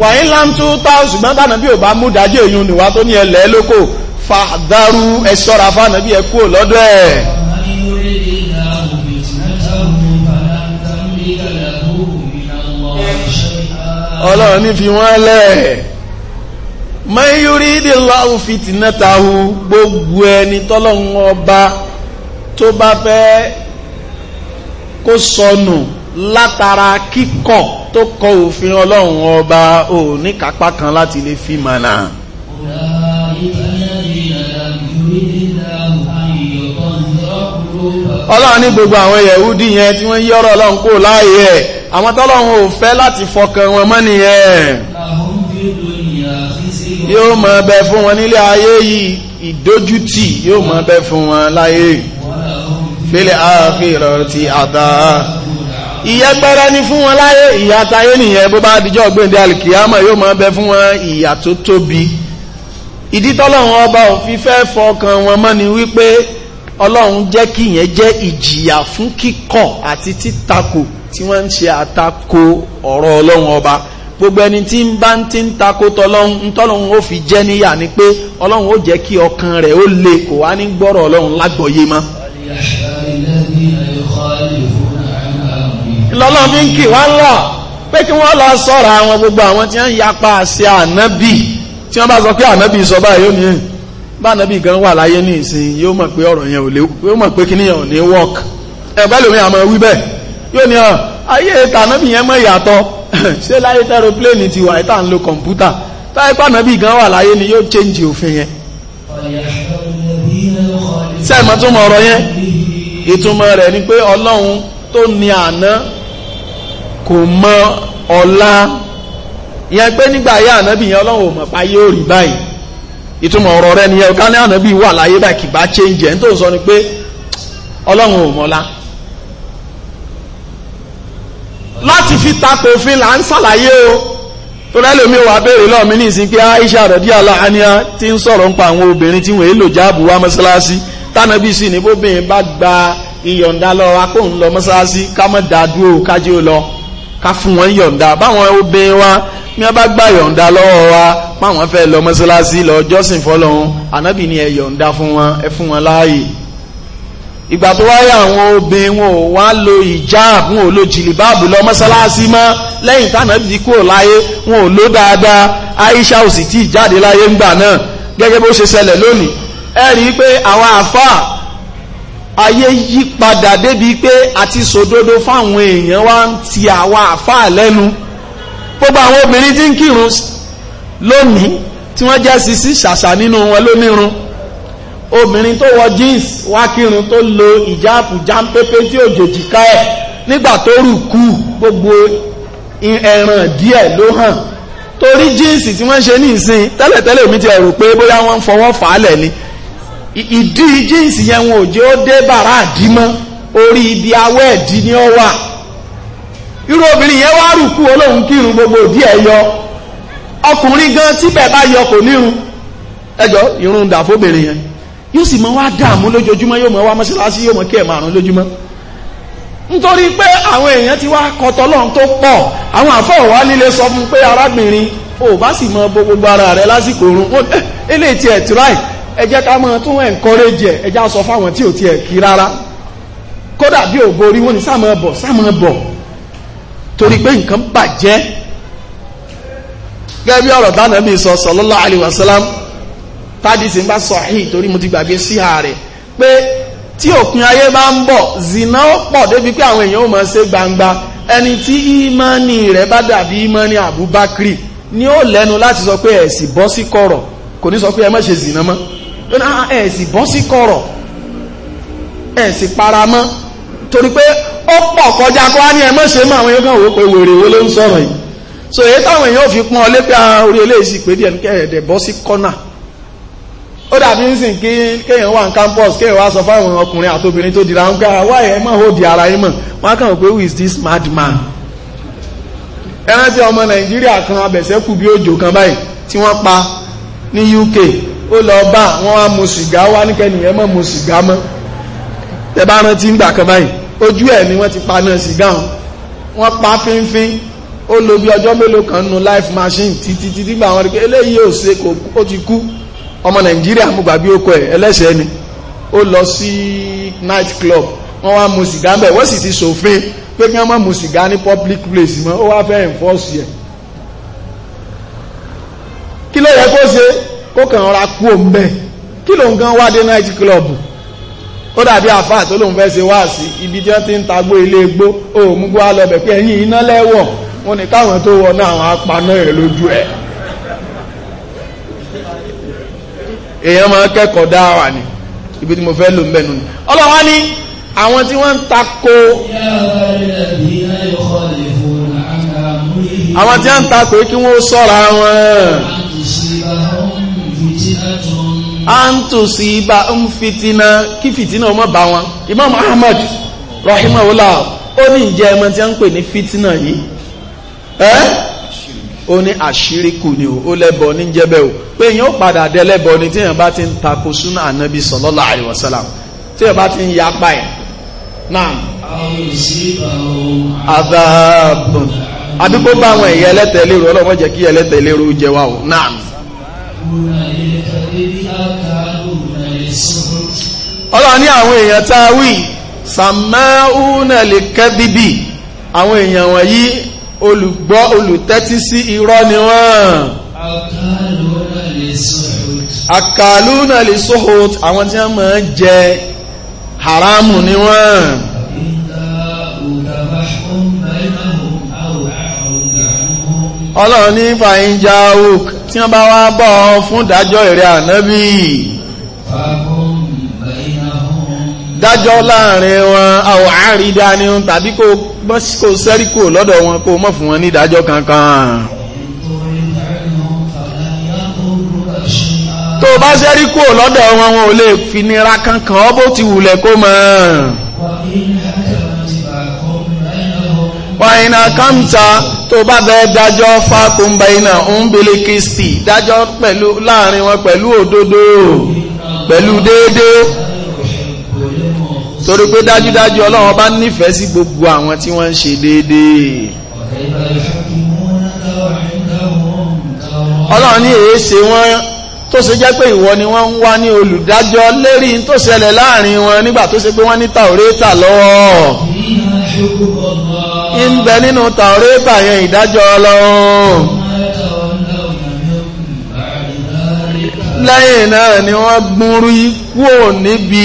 wàyí láńtú táwọn ṣùgbọ́n bánàbí ò bá mú ìdájọ́ èyí ni tó ní ẹ lẹ́ẹ́ lóko fàdárú ẹ fánàbí ẹ kúrò lọ́dọ̀ ẹ̀. ọlọ́run ní fi wọ́n lẹ̀ man yuridillahu fitnatahu gbogbo ẹni tọ́lọ́run ọba tó bá fẹ́ kó sọnù látara kíkọ̀ tó kọ òfin ọlọ́run ọba ò ní kápá kan láti lè fi mànà. ọlọ́run ní gbogbo àwọn Yẹ̀húdì yẹn tí wọ́n yí ọ̀rọ̀ ọlọ́run kò láàyè ẹ̀ àwọn tọ́lọ́run ò fẹ́ láti fọkàn wọn mọ́ nìyẹn yóò máa bẹ fún wọn nílé ayé yìí ìdójútì yóò máa bẹ fún wọn láyé fílẹ̀ ààfihàn ti àdá ìyẹ́gbẹ́rẹ́ ní fún wọn láyé ìyà tayé nìyẹn bó bá dijọ́ gbèǹdé alìkìyàmọ̀ yóò máa bẹ fún wọn ìyà tó tóbi ìdí tọ́lọ́run ọba ò fi fẹ́ fọkàn wọn mọ́ ni wípé ọlọ́run jẹ́ kí jẹ́ ìjìyà fún kíkọ̀ àti títakò tí wọ́n ń ṣe àtakò ọ̀rọ̀ ọlọ́run ọba gbogbo ẹni tí ń bá ti ń takò tọ́lọ́run ntọ́lọ́run fi jẹ́ níyà ni pé ọlọ́run ó jẹ́ kí ọkàn rẹ̀ ó le kò wá ní gbọ́rọ̀ ọlọ́run lágbọ̀ọ́yé mọ́. lọ́lọ́run fi ń kì wá lọ pé kí wọ́n lọ sọ̀rọ̀ àwọn gbogbo àwọn tí wọ́n ń yapa àṣẹ ànábì tí wọ́n bá sọ pé ànábì sọ báyìí ó gan wà láyé ní ìsìn yóò mọ̀ yẹn ò yóò ní ọ ah, ayé tànábì yẹn mọ́ ìyàtọ̀ ṣé láyé tẹ́rọpléènì ti wà ìta ń lo kọ̀ǹpútà táyé pànábì gan wà láyé ni yóò chẹ́ǹjì òfin yẹn sẹ́ẹ̀mọ́ tó mọ ọ̀rọ̀ yẹn ìtumọ̀ rẹ̀ ni pé ọlọ́run tó ní àná kò mọ ọ̀la yẹn pé nígbà ayé ànábì yẹn ọlọ́run ò mọ̀ pa yóò rí báyìí ìtumọ̀ ọ̀rọ̀ rẹ̀ nìyẹn ọ̀ká ànábì wà láyé báyìí kì bá chẹ́ǹjì ẹ̀ ń tó sọ ni pé ọlọ́run ò mọ̀la láti fi takò òfin là ń sàlàyé o torí ẹlòmí wà béèrè lọ́ọ̀ mi ní ìsìn pé Aisha radiyallahu anha ti ń sọ̀rọ̀ ń pa àwọn obìnrin tí wọ́n èlò jáàbù wá mọ́sálásí tánàbí sì ní bóbìnrin bá gba ìyọ̀ǹda lọ́wọ́ akóhùn lọ mọ́sálásí ká mọ́ da dúró kájí ó lọ ká fún wọn yọ̀ǹda báwọn obìnrin wa ní wọ́n bá gba yọ̀ǹda lọ́wọ́ wa páwọn fẹ́ lọ mọ́sálásí lọ jọ́sìn fọ́lọ́hun ànábì ìgbà tó wáyé àwọn obìnrin wọn ò wá lo ìjáàb wọn ò lo jìlìbáàbù lọ mọ́sálásí mọ́ lẹ́yìn tánà bí kúrò láyé wọn ò lò dáadáa Aisha ò sì tí jáde láyé ńgbà náà gẹ́gẹ́ bó ṣe ṣẹlẹ̀ lónìí ẹ rí i pé àwọn àáfàá ayé yí padà débi pé àti sòdodo fáwọn èèyàn wá ń ti àwọn àáfàá lẹ́nu gbogbo àwọn obìnrin tí ń kírun lónìí tí wọ́n jẹ́ sisi ṣàṣà nínú wọn lónírun obìnrin tó wọ jeans wákìrún tó lo ìjáàpù jámpépé tí ò jòjìká ẹ̀ nígbà tó rù kú gbogbo ẹran díẹ̀ ló hàn torí jeans tí wọ́n ṣe ní ìsìn tẹ́lẹ̀tẹ́lẹ̀ mi ti ẹ̀rù pé bóyá wọ́n fọwọ́ fà ni ìdí jeans yẹn wọn ò jẹ́ ó dé bàrá àdímọ́ orí ibi awẹ́ ẹ̀dí ni ó wà irú obìnrin yẹn wá rù kú olóhùn kírun gbogbo díẹ̀ yọ ọkùnrin gan tíbẹ̀ bá yọ kò nírun ẹjọ́ irun dà yẹn yóò sì mọ́ wá dààmú lójoojúmọ́ yóò mọ́ wá mọ́sálásí yóò mọ́ kí ẹ̀ márùn lójúmọ́ nítorí pé àwọn èèyàn ti wá kọtọlọ́n tó pọ̀ àwọn àfọwà líle sọ fún pé arábìnrin ò bá sì mọ gbogbo ara rẹ lásìkò oorun ó eh, eléyìí tiẹ̀ tíráì ẹ jẹ́ ká mọ tún encourage ẹ̀ ẹ já sọ fáwọn tí ò tiẹ̀ kí rárá kódà bí ò borí wọn ni sáàmọ́ bọ̀ sáàmọ́ bọ̀ torí pé nǹkan bàjẹ́ gẹ́gẹ́ bí ọ̀rọ̀ tánàbí sọ sallallahu alaihi wasallam tádìsí ń bá sọ̀hí torí mo ti gbàgbé síhà rẹ̀ pé tí òpin ayé bá ń bọ̀ zina ó pọ̀ débi pé àwọn èèyàn ó máa ṣe gbangba ẹni tí ìmọ̀ni rẹ̀ bá dàbí ìmọ̀ni Abubakri ni ó lẹ́nu láti sọ pé ẹ̀sì bọ́ sí kọ̀rọ̀ kò ní sọ pé ẹ má ṣe zìnà mọ́ ah, ẹ̀sì bọ́ sí kọ̀rọ̀ ẹ̀sì para torí pé ó pọ̀ kọjá kó á ní ẹ má ṣe mọ́ àwọn èèyàn kan wò pé wèrè wo ló ń sọ̀rọ̀ yìí so èyí táwọn èèyàn ò fi pọ́n ọ lé pé ah, orí eléyìí sì pé díẹ̀ ní kẹ́ẹ̀ẹ́dẹ̀ bọ́ sí kọ́nà ó dàbí ń sìn kí kéèyàn wà ní campus kéèyàn wá sọ fáwọn ọkùnrin àtobìnrin tó dìra ń gbá wáyé ẹ mọ̀ ó di ara yín mọ̀ wọ́n kàn pé who is this mad man ẹ rántí ọmọ nàìjíríà kan abẹ̀sẹ́kù bí òjò kan báyìí tí wọ́n pa ní UK ó lọ bá wọ́n wá mu sìgá wá ní kẹ́nìyàn mọ̀ mu sìgá mọ́ ẹ bá rántí ń gbà kan báyìí ojú ẹ̀ ni wọ́n ti pa náà sìgá wọn wọ́n pa fínfín ó lo bí ọjọ́ mélòó kan nu life machine títí títí gbà wọn rí pé eléyìí ò ṣe kò ó ti kú ọmọ nàìjíríà mú gbàgbé okọ ẹ̀ ẹlẹ́sẹ̀ ni ó lọ sí night club wọ́n wá mu sìgá bẹ̀ wọ́n sì ti ṣòfin pé kí wọ́n má mu sìgá ní public place mọ́ ó wá fẹ́ enforce ẹ̀ kí ló yẹ kó ṣe kó kàn ra kú òun bẹ́ẹ̀ kí ló ń gan wá dé night club ó dàbí àfáà tó lóun fẹ́ ṣe wá sí ibi tí wọ́n ti ń tagbó ilé egbó ó mú gbó á bẹ̀ pé ẹ̀yìn iná lẹ́wọ̀ wọn ni káwọn tó wọ náà àwọn apaná ẹ̀ lójú ẹ̀ èèyàn máa kẹ́kọ̀ọ́ dáwà ni ibi tí mo fẹ́ lò mẹ́nu ni ọlọ́wà ni àwọn tí wọ́n ń tako àwọn tí wọ́n ń tako kí wọ́n sọ́ra wọn àǹtòsí ibà ń fitina kí fitina ọmọ bá wọn Imam Ahmad rahimahullah ó ní ìjẹ́ ẹmọ tí wọ́n ń pè ní fitina yìí ó ní àṣíríkù ni o ó lẹ́bọ ní jẹ́bẹ̀ o pé èèyàn ó padà dé lẹ́bọ ni tí èèyàn bá ti ń tako súnà ànábì sallallahu alaihi wasallam tí èèyàn bá ti ń yapa ẹ̀ náà. àdàbùn àdúgbò bá àwọn ẹ̀yẹ ẹlẹ́tẹ̀ lérò ọlọ́wọ́ jẹ́ kí ẹlẹ́tẹ̀ lérò jẹ wa o náà. ọlọ́run ní àwọn èèyàn tá a wí sàmáhùn náà lè àwọn èèyàn wọ̀nyí olùgbọ́ olùtẹ́tí sí irọ́ ni wọ́n. àkàlùnà lè sóhòt àwọn tí wọ́n máa ń jẹ haramu ni wọ́n. ọlọ́run ní fàyínjà oak tí wọ́n bá wá bọ̀ fún ìdájọ́ ìrẹ́ ànábì dájọ́ láàrin wọn àwọ̀ àrídá ni wọn tàbí kó sẹ́rí kò lọ́dọ̀ wọn kó mọ̀ fún wọn ní ìdájọ́ kankan tó bá sẹ́rí kò lọ́dọ̀ wọn wọn ò lè fi nira kankan ọ bó ti wùlẹ̀ kó mọ̀ wàyínà kàmta tó bá bẹ dájọ́ fàkùnbẹ̀yìnà ń bèlè um kìstì dájọ́ pẹ̀lú láàrin wọn pẹ̀lú òdodo pẹ̀lú déédéé torí pé dájúdájú ọlọ́run ọba nífẹ̀ẹ́ sí gbogbo àwọn tí wọ́n ń ṣe déédéé ọlọ́run ní èé ṣe wọ́n tó ṣe jẹ́ pé ìwọ ni wọ́n ń wá ní olùdájọ́ lérí tó ṣẹlẹ̀ láàrin wọn nígbà tó ṣe pé wọ́n ní tàórétà lọ́wọ́ In bẹ nínú tàórétà yẹn ìdájọ́ ọlọ́run lẹ́yìn náà ni wọ́n gbúrú kúò níbi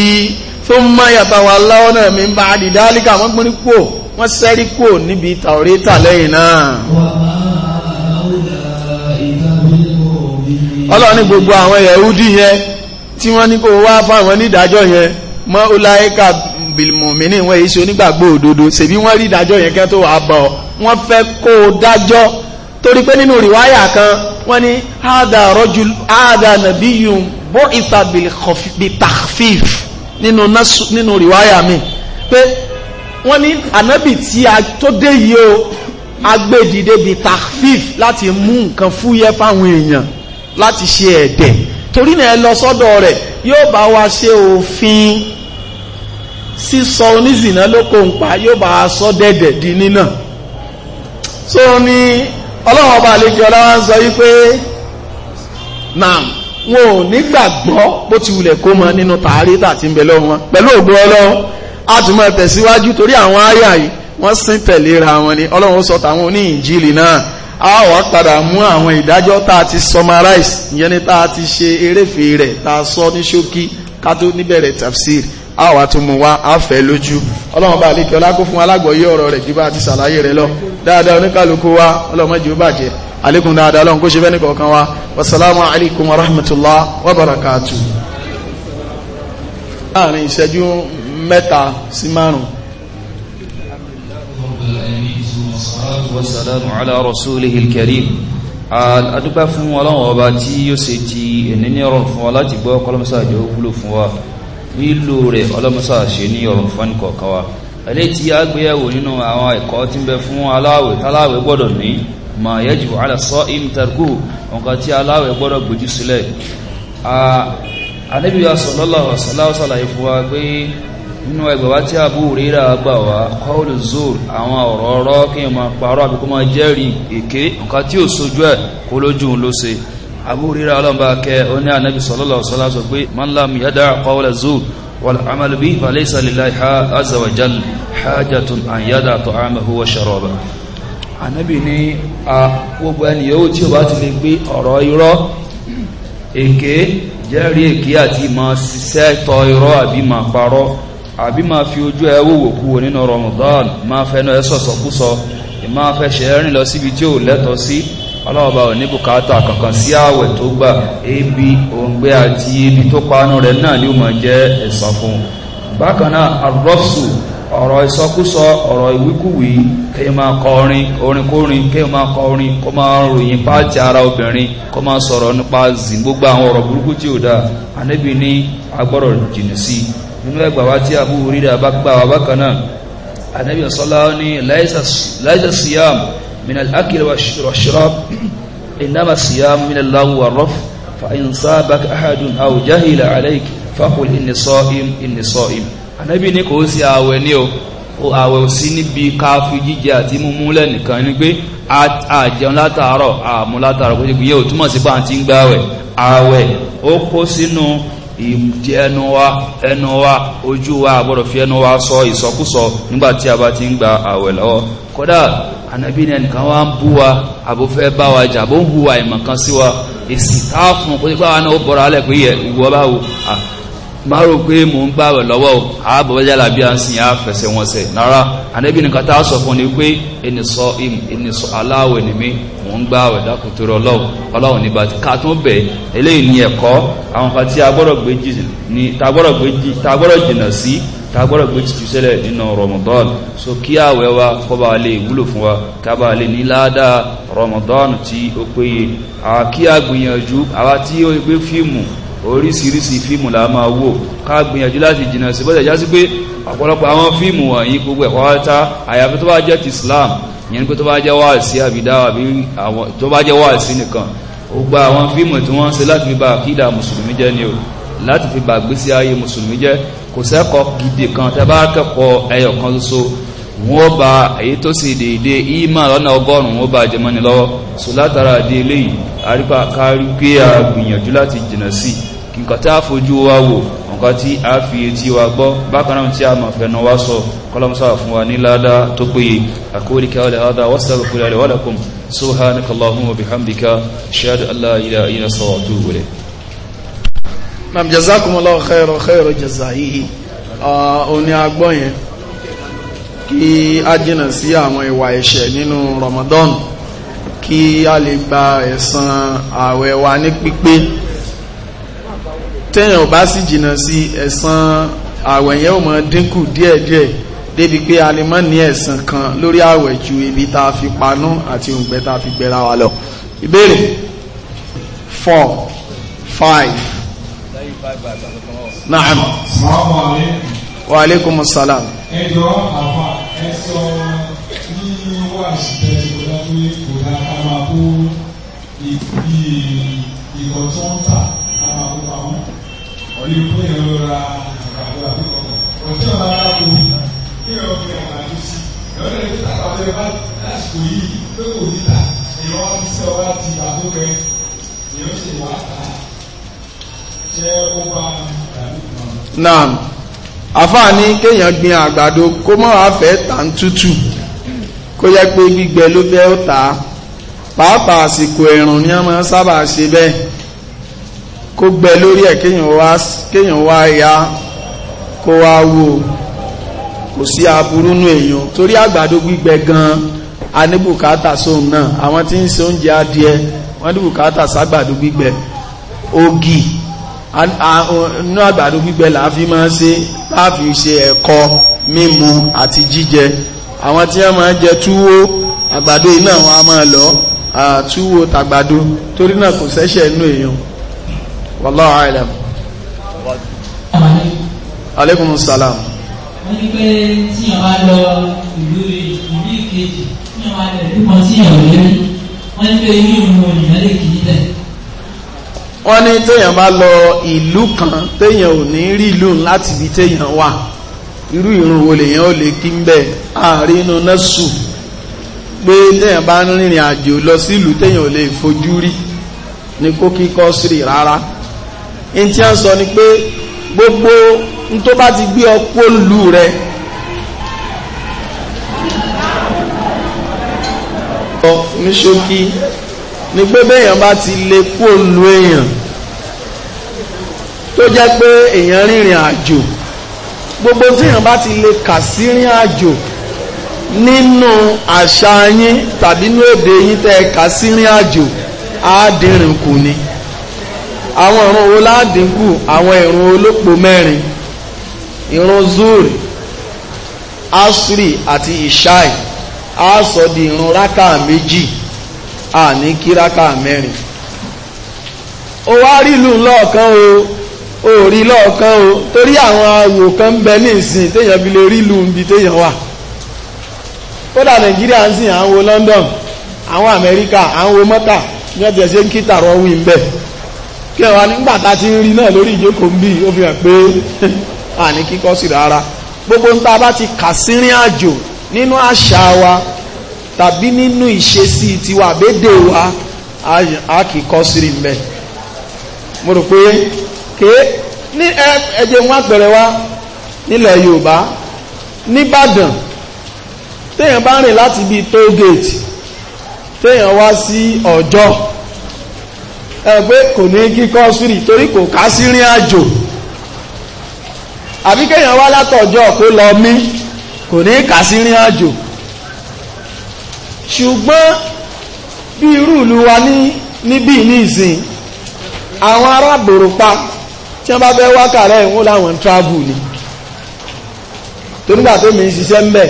thumma yatawallawna náà min ba'di dhalika wọ́n gbóni kúò wọ́n sẹ́rí kúò níbi tàwọ́rẹ́tà lẹ́yìn náà ọlọ́ni gbogbo àwọn yẹ̀húdí yẹn tí wọ́n ní kó wá fáwọn nídàájọ́ yẹn mọ́ ọláẹ́kà bìlmọ̀mìnì wọ́n èyí ṣe onígbàgbọ́ òdodo ṣèbí wọ́n rí ìdájọ́ yẹn kẹ́ tó wà bọ̀ wọ́n fẹ́ kó o dájọ́ torí pé nínú rìwáyà kan wọ́n ní áàdà rọ́jú áàdà nàbíyùn bó ìsàbìlì tàfífì nínú nasu nínú rìwáyà mi pé wọ́n ní ànábì tí a tó dé yìí o agbẹ́dìde bíi takhfif láti mú nǹkan fúyẹ́ fáwọn èèyàn láti ṣe ẹ̀dẹ̀ torí náà ẹ lọ sọ́dọ̀ rẹ̀ yóò bá wa ṣe òfin sísọ onízìnà lóko ńpa yóò bá a sọ dẹ́dẹ̀ di nínà so ni ọlọ́run ọba àlejò ọlọ́run sọ yí pé naam wọn ò nígbàgbọ́ bó ti wulẹ̀ kó mọ nínú tààrí tàti ń bẹ lọ́wọ́ wọn pẹ̀lú ògbó ọlọ́wọ́ a tún máa tẹ̀síwájú torí àwọn àyà yìí wọ́n sín tẹ̀léra wọn ni ọlọ́run sọ tàwọn oní náà a wá padà mú àwọn ìdájọ́ tá a ti summarize ìyẹn ni tá a ti ṣe eréfèé rẹ̀ tá ní ṣókí ká níbẹ̀rẹ̀ tafsir a wà tún mú wá a fẹ́ lójú ọlọ́run bá lékẹ́ ọlákó fún alágbọ̀yé ọ̀rọ̀ rẹ̀ jí bá ti sàlàyé rẹ̀ lọ dáadáa oníkàlùkù wa ọlọ́mọdé ó bàjẹ́ alékún dáadáa ọlọ́run kó ṣe fẹ́ nìkọ̀ọ̀kan wa wasalaamu alaykum wa rahmatulah lílò rẹ̀ ọlọ́mọsá ṣe ní ọ̀rùn fún ẹnìkọ̀ọ̀kan wa eléyìí tí a gbéyàwó nínú àwọn ẹ̀kọ́ tí ń bẹ fún aláwẹ̀ táláwẹ̀ gbọ́dọ̀ ní ma yajibu ala sa'im tarku nǹkan tí aláwẹ̀ gbọ́dọ̀ gbójú sílẹ̀ Ànábì a bú rírà gbà wá kọ́ọ̀lù zoor àwọn ọ̀rọ̀ ọ̀rọ̀ kí n máa parọ́ àbíkú máa jẹ́rìí èké nǹkan tí ò sojú ẹ̀ kó lójú ń àbúrírà ọlọ́mbà kẹ oní ànábì sallallahu alaihi wasallam sọ pé man lam yada' qawla zur wal amal bi falaysa lillahi azza wa jal hajatun an yada' ta'amahu wa sharaba ànábì ní a gbogbo ẹni yóò tí ó bá ti lè gbé ọ̀rọ̀ irọ́ èké jẹ́rí èké àti máa ṣiṣẹ́ tọ irọ́ àbí máa parọ́ àbí máa fi ojú ẹ wòwò kúwò nínú Ramadan máa fẹnu ẹ sọ̀sọ̀kúsọ máa fẹsẹ̀ rìn lọ síbi tí ò lẹ́tọ̀ọ́ sí ọlọ́ọ̀bá ò ní bùkátà kankan sí ààwẹ̀ tó gbà ebi òǹgbẹ àti ebi tó panu rẹ̀ náà ni ó máa jẹ́ ẹ̀san fún un bákan náà arọ́fsù ọ̀rọ̀ ìsọkúsọ ọ̀rọ̀ ìwíkúwí kí o máa kọ orin orinkórin kí o máa kọ orin kó máa ròyìn páàtì ara obìnrin kó máa sọ̀rọ̀ nípa من الأكل والشراب إنما الصيام من اللغو والرف فإن صابك أحد أو جهل عليك فقل إني صائم إني صائم Ànábì ní kò sí ààwẹ̀ ní o ààwẹ̀ ò sí níbi ká fi jíjẹ àti mímú lẹ́nìkan ni pé àjẹun látàárọ̀ àmú látàárọ̀ kó ṣe pé yẹ ò túmọ̀ sí pé à ń ti ń gbààwẹ̀ ó kó sínú ìdí ẹnu wa ẹnu wa ojú wa àgbọ̀dọ̀ fi ẹnu wa sọ ìsọkúsọ nígbà a bá ti ń gba ààwẹ̀ lọ́wọ́ kódà ànábì ní ẹnìkan wá ń bú wa àbúfẹ́ bá wa jà bó ń hùwà ìmọ̀kan sí wa èsì káàfún kó nípa wa náà ó bọ̀rọ̀ alẹ́ pé yẹ ìwọ bá wo má rò pé mò ń gbàwẹ̀ lọ́wọ́ o ni pé ẹni im ẹni sọ aláwẹ̀ ni mí mò ń gbàwẹ̀ dákòtòrò ọlọ́wọ́ ọlọ́wọ́ nígbà tí ni ẹ̀kọ́ àwọn kan tí kagbọ́rọ̀ gbé títù sẹ́lẹ̀ nínú Ramadan so kí àwẹ̀ wa kọba lè wúlò fún wa kaba lè ní ládàá Ramadan tí ó péye kí a gbìyànjú àwa tí ó gbé fíìmù oríṣiríṣi fíìmù la máa wò ká gbìyànjú láti jìnà sí bọ́dẹ̀ jásí pé ọ̀pọ̀lọpọ̀ àwọn fíìmù wọ̀nyí gbogbo ẹ̀kọ́ wáta àyàfi Islam yẹn pé tó bá jẹ́ wáàsí àbídá àbí tó bá jẹ́ wáàsí nìkan ó gba àwọn fíìmù tí wọ́n ṣe láti fi bà kò sẹ́kọ̀ọ́ gidi kan tẹ́ bá kẹ́kọ̀ọ́ ẹyọ kan ṣoṣo wọ́n bá èyí tó sì dèédé ìmọ̀ lọ́nà ọgọ́rùn-ún wọ́n bá jẹmọ́ ni lọ́wọ́ so látara dé eléyìí àrípa kárí pé a gbìyànjú láti jìnà sí nǹkan tí a fojú wa wò nǹkan tí a fi etí wa gbọ́ bákan náà tí a mọ̀ fẹ́nu wa sọ kọlọmọsá fún wa ní ládá tó péye àkórí kí a wọ́n sábà kúrò àlè wọ́lẹ̀kùn subhanakallahumma Mam jazakumullahu khairan khairan jazaihi òní Oni yẹn kí a jìnà sí àwọn ìwà ẹ̀ṣẹ̀ nínú Ramadan ki a lè gba ẹ̀san ààwẹ̀ wa ní pípé téèyàn bá sì jìnà sí ẹ̀san ààwẹ̀ yẹn ò mọ dínkù díẹ̀díẹ̀ débi pé a lè mọ́ ní ẹ̀san kan lórí ààwẹ̀ ju ibi tá fi panú àti òǹgbẹ tá fi gbẹra wa lọ ìbéèrè four five Naam. Wa alaikum salam. Ẹjọ́ àfà ẹsọ ní wà ṣìṣẹ́ ti kọjá pé kò dá a máa àwọn àjò Ẹ̀rọ lè fi tàkà naam àfààní kéèyàn gbin àgbàdo kó mọ́ àfẹ́ tà ń tútù kó yẹ pé gbígbẹ ló fẹ́ ó tà á pàápàá àsìkò ẹ̀rùn ni a máa sábà ṣe bẹ́ẹ̀ kó gbẹ lórí ẹ̀ kéèyàn wá ya kó wá wò kò sí aburú nù èèyàn torí àgbàdo gbígbẹ gan-an a ní bùkátà sóun náà àwọn tí ń ṣe oúnjẹ adìẹ wọ́n ní bùkátà ságbàdo gbígbẹ ògì inú àgbàdo gbígbẹ la fi máa ṣe láàfi ṣe ẹ̀kọ mímu àti jíjẹ àwọn tí wọ́n máa jẹ túwó àgbàdo iná wọn a máa lọ túwó tàgbàdo torí náà kò sẹ́ṣẹ̀ inú èèyàn wallahu a'lam aleykum salam. wọ́n ti pé tí yàn máa lọ ìlú ìlú ìkejì tí yàn máa lọ ìlú kan tí yàn lórí wọ́n ti pé inú ìlú òyìnbó lè kì wọ́n ní téèyàn bá lọ ìlú kan téèyàn ò ní rí ìlú láti ibi téèyàn wà irú ìrun wo lèyàn ò lè kí ń bẹ̀ àárín inú nọ́ọ̀sù pé téèyàn bá ń rìnrìn àjò lọ sí ìlú téèyàn ò lè fojú rí ní kó kíkọ́ sírì rárá ní tí sọ ni pé gbogbo ní bá ti gbé ọpọ́ lù rẹ ní ṣókí ni pé béèyàn bá ti lè kó lu èèyàn tó jẹ́ pé èèyàn rìnrìn àjò gbogbo téèyàn bá ti lè kà sí rìn àjò nínú àṣà yín tàbí nínú èdè yín tẹ́ ẹ kà sí rìn àjò àádìrín ni àwọn ìrun wo ládínkù àwọn ìrun olópò mẹ́rin ìrun zuri asri àti ishai a sọ di ìrun rákà méjì a ní kíráka mẹ́rin ó wá rí ìlú lọ́ọ̀kan o ò rí lọ́ọ̀kan o torí àwọn awò kan bẹ ní ìsìn téèyàn fi lè rí ìlú ibi téèyàn wà kódà nàìjíríà ń sìn à ń wo London àwọn Amẹ́ríkà à ń wo mọ́tà ní ọ̀tẹ̀ ṣe ń kí tààrọ̀ wí ń bẹ̀ kí ẹ̀ wá nígbà tá a ti ń rí náà lórí ìjókòó ń bì ó fi hàn pé à ní kíkọ́ sí rárá gbogbo ń ta bá ti kà sí rìn àjò nínú àṣà wa tàbí nínú ìṣesí tiwa àbédè wa a kì í kọ́ sírì mbẹ́ mo rò pé ké ní ẹjẹ wọn àpẹẹrẹ wa nílẹ̀ Yorùbá nìbàdàn téèyàn bá rìn láti bíi toll gate téèyàn wá sí ọjọ́ ẹ pé kò ní kíkọ́ sírì torí kò ká sí rìn àjò àbí kéèyàn wá látọ̀jọ́ kó lọ mí kò ní kà sí rìn àjò ṣùgbọ́n bí irú ìlú wa ní níbí ní ìsìn àwọn arábòrò pa tí wọ́n bá fẹ́ wá kàrẹ́ ìwọ́n láwọn travel ni tó nígbà tó mi ń ṣiṣẹ́ ń bẹ̀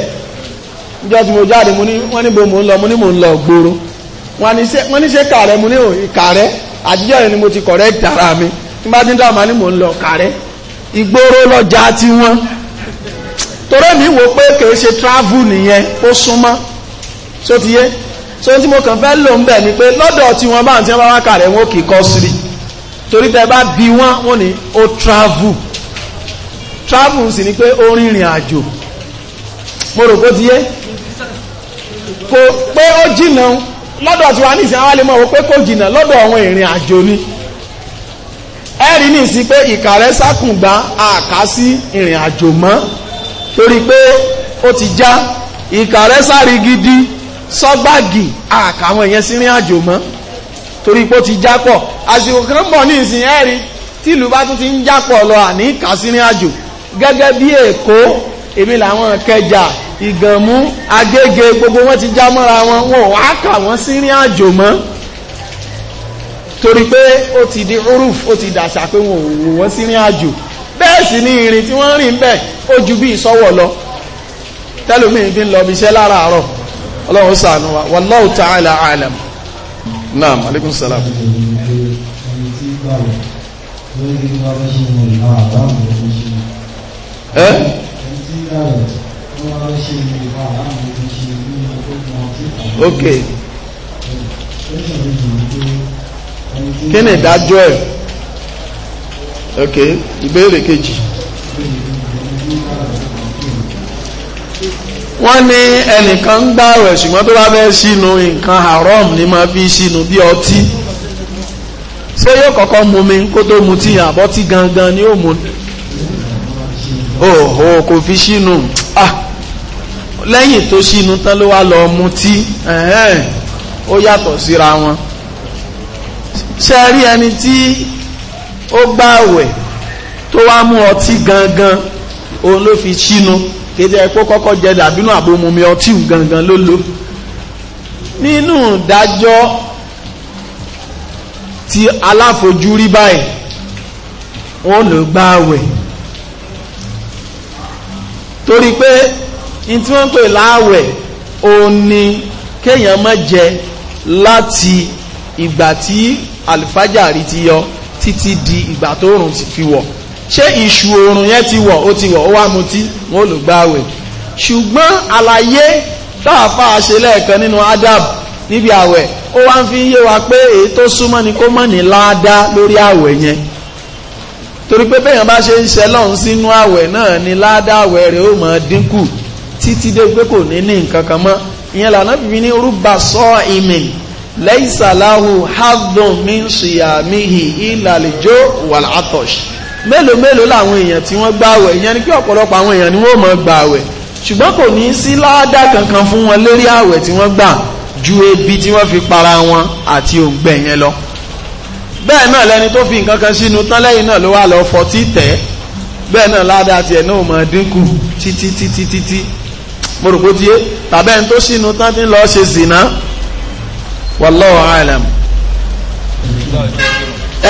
níjọ́ tí mo jáde mo ní wọ́n níbo mò ń lọ mo ní mò ń lọ gbòòrò wọ́n ní ṣe kàrẹ́ mo ní ìkàrẹ́ àtijọ́ yẹn ni mo ti correct ara mi tí bá ti ń dá ọmọ ń lọ kàrẹ́ ìgboro lọ́jà tiwọn torí mi wò pé kì í ṣe travel nìyẹn ó súnmọ́ tó ti yé so tí mo kàn fẹ́ lò ń bẹ̀ ni pé lọ́dọ̀ tí wọ́n bá ń tí wọ́n bá wá kà rẹ̀ wọ́n kì í kọ́ sí i torí tẹ bá bí wọ́n wọ́n ní ó travel travel sì ni pé ó rìnrìn àjò mo rò kó ti yé kò pé ó jìnnà lọ́dọ̀ tí wọ́n á ní ìsìn àwọn àlemọ̀ wọ́n pé kò jìnnà lọ́dọ̀ àwọn ìrìn àjò ni ẹ̀rí ní sí pé ìkàrẹ́ sákùngbà àká sí ìrìn àjò mọ́ torí pé ó ti já ìkàrẹ́ sáré sọ́gbàgì àkàwọn èèyàn sí rìn àjò mọ́ torí pé ti jápọ̀ àsìkò kan bọ̀ ní ìsìn ẹ̀rí tìlú bá tún ti ń jápọ̀ lọ àní ìkà sí rìn àjò gẹ́gẹ́ bí èkó èmi làwọn kẹjà ìgànmú agége gbogbo wọn ti já mọ́ra wọn wọn ò wá kà wọ́n sí rìn àjò mọ́ torí pé ó ti di uruf ó ti dàṣà pé wọn ò wò wọ́n sí rìn àjò bẹ́ẹ̀ sì ni ìrìn tí wọ́n rìn bẹ́ẹ̀ ó ju bí ìsọ́wọ̀ lọ tẹ́lómi fi ń lọ bí iṣẹ́ láràárọ̀ ọlọ́run ṣàánú wa wallahu ta'ala alam naam aleykum salaam. ẹ́ ok kí ni ìdájọ́ ẹ̀ ok ìbéèrè kejì. wọ́n ní ẹnìkan ń gbààwẹ̀ ṣùgbọ́n tó bá fẹ́ sínú nǹkan haram ní máa fi sínú bí ọtí ṣé yóò kọ́kọ́ mu mi kó tó mu tí àbọ́tí gangan ni ó mu òhò kò fi sínú ah lẹ́yìn tó sínú tán ló wá lọ mu tí ó yàtọ̀ síra wọn ṣe rí ẹni tí ó gbààwẹ̀ tó wá mú ọtí gangan òun ló fi sínú. kéde ẹ̀kọ́ kọ́kọ́ jẹ dàbínú àbomumi ọtí gangan ló lò nínú ìdájọ́ tí aláfojúrí báyìí wọ́n lò gbáwẹ̀ torí pé in tí wọ́n pè láàwẹ̀ òun ni kéèyàn má jẹ láti ìgbà tí alifájàrí ti yọ títí di ìgbà tó rùn ti fi wọ̀ ṣé ìṣù oòrùn yẹn ti wọ̀ ó ti wọ̀ ó wá mutí wọn ò lò gbáwẹ̀ ṣùgbọ́n àlàyé táàfà ṣe lẹ́ẹ̀kan nínú adab níbi àwẹ̀ ó wá ń fi yé wa pé èyí tó súnmọ́ ni kó mọ̀ ní láàdá lórí àwẹ̀ yẹn torí pé bẹ́ẹ̀ bá ṣe ń ṣe lọ́hún sínú àwẹ̀ náà ni láàdá àwẹ̀ rẹ̀ ó mọ̀ dínkù títí dé pé kò ní ní nǹkan kan mọ́ ìyẹn lànà bíbí ní rúbà sọ ìmì lẹ́yìn sàláhù hadùn min ṣìyàmíhì ìlàlẹ́jọ́ wàlátọ̀ṣì mélòó mélòó làwọn èèyàn tí wọ́n gbààwẹ̀ ìyẹn ni pé ọ̀pọ̀lọpọ̀ àwọn èèyàn ni wọ́n mọ̀ gbààwẹ̀ ṣùgbọ́n kò ní sí láádá kankan fún wọn lórí ààwẹ̀ tí wọ́n gbà ju ebi tí wọ́n fi para wọn àti òǹgbẹ yẹn lọ bẹ́ẹ̀ náà lẹni tó fi nǹkan kan sínú tán lẹ́yìn náà ló wà lọ fọtí tẹ̀ bẹ́ẹ̀ náà ládàá tiẹ̀ náà mọ̀ dínkù títí títí títí mo rò pé tiẹ́ tàbí ẹni tó sínú tán ti ń lọ ṣe zìnà wallahu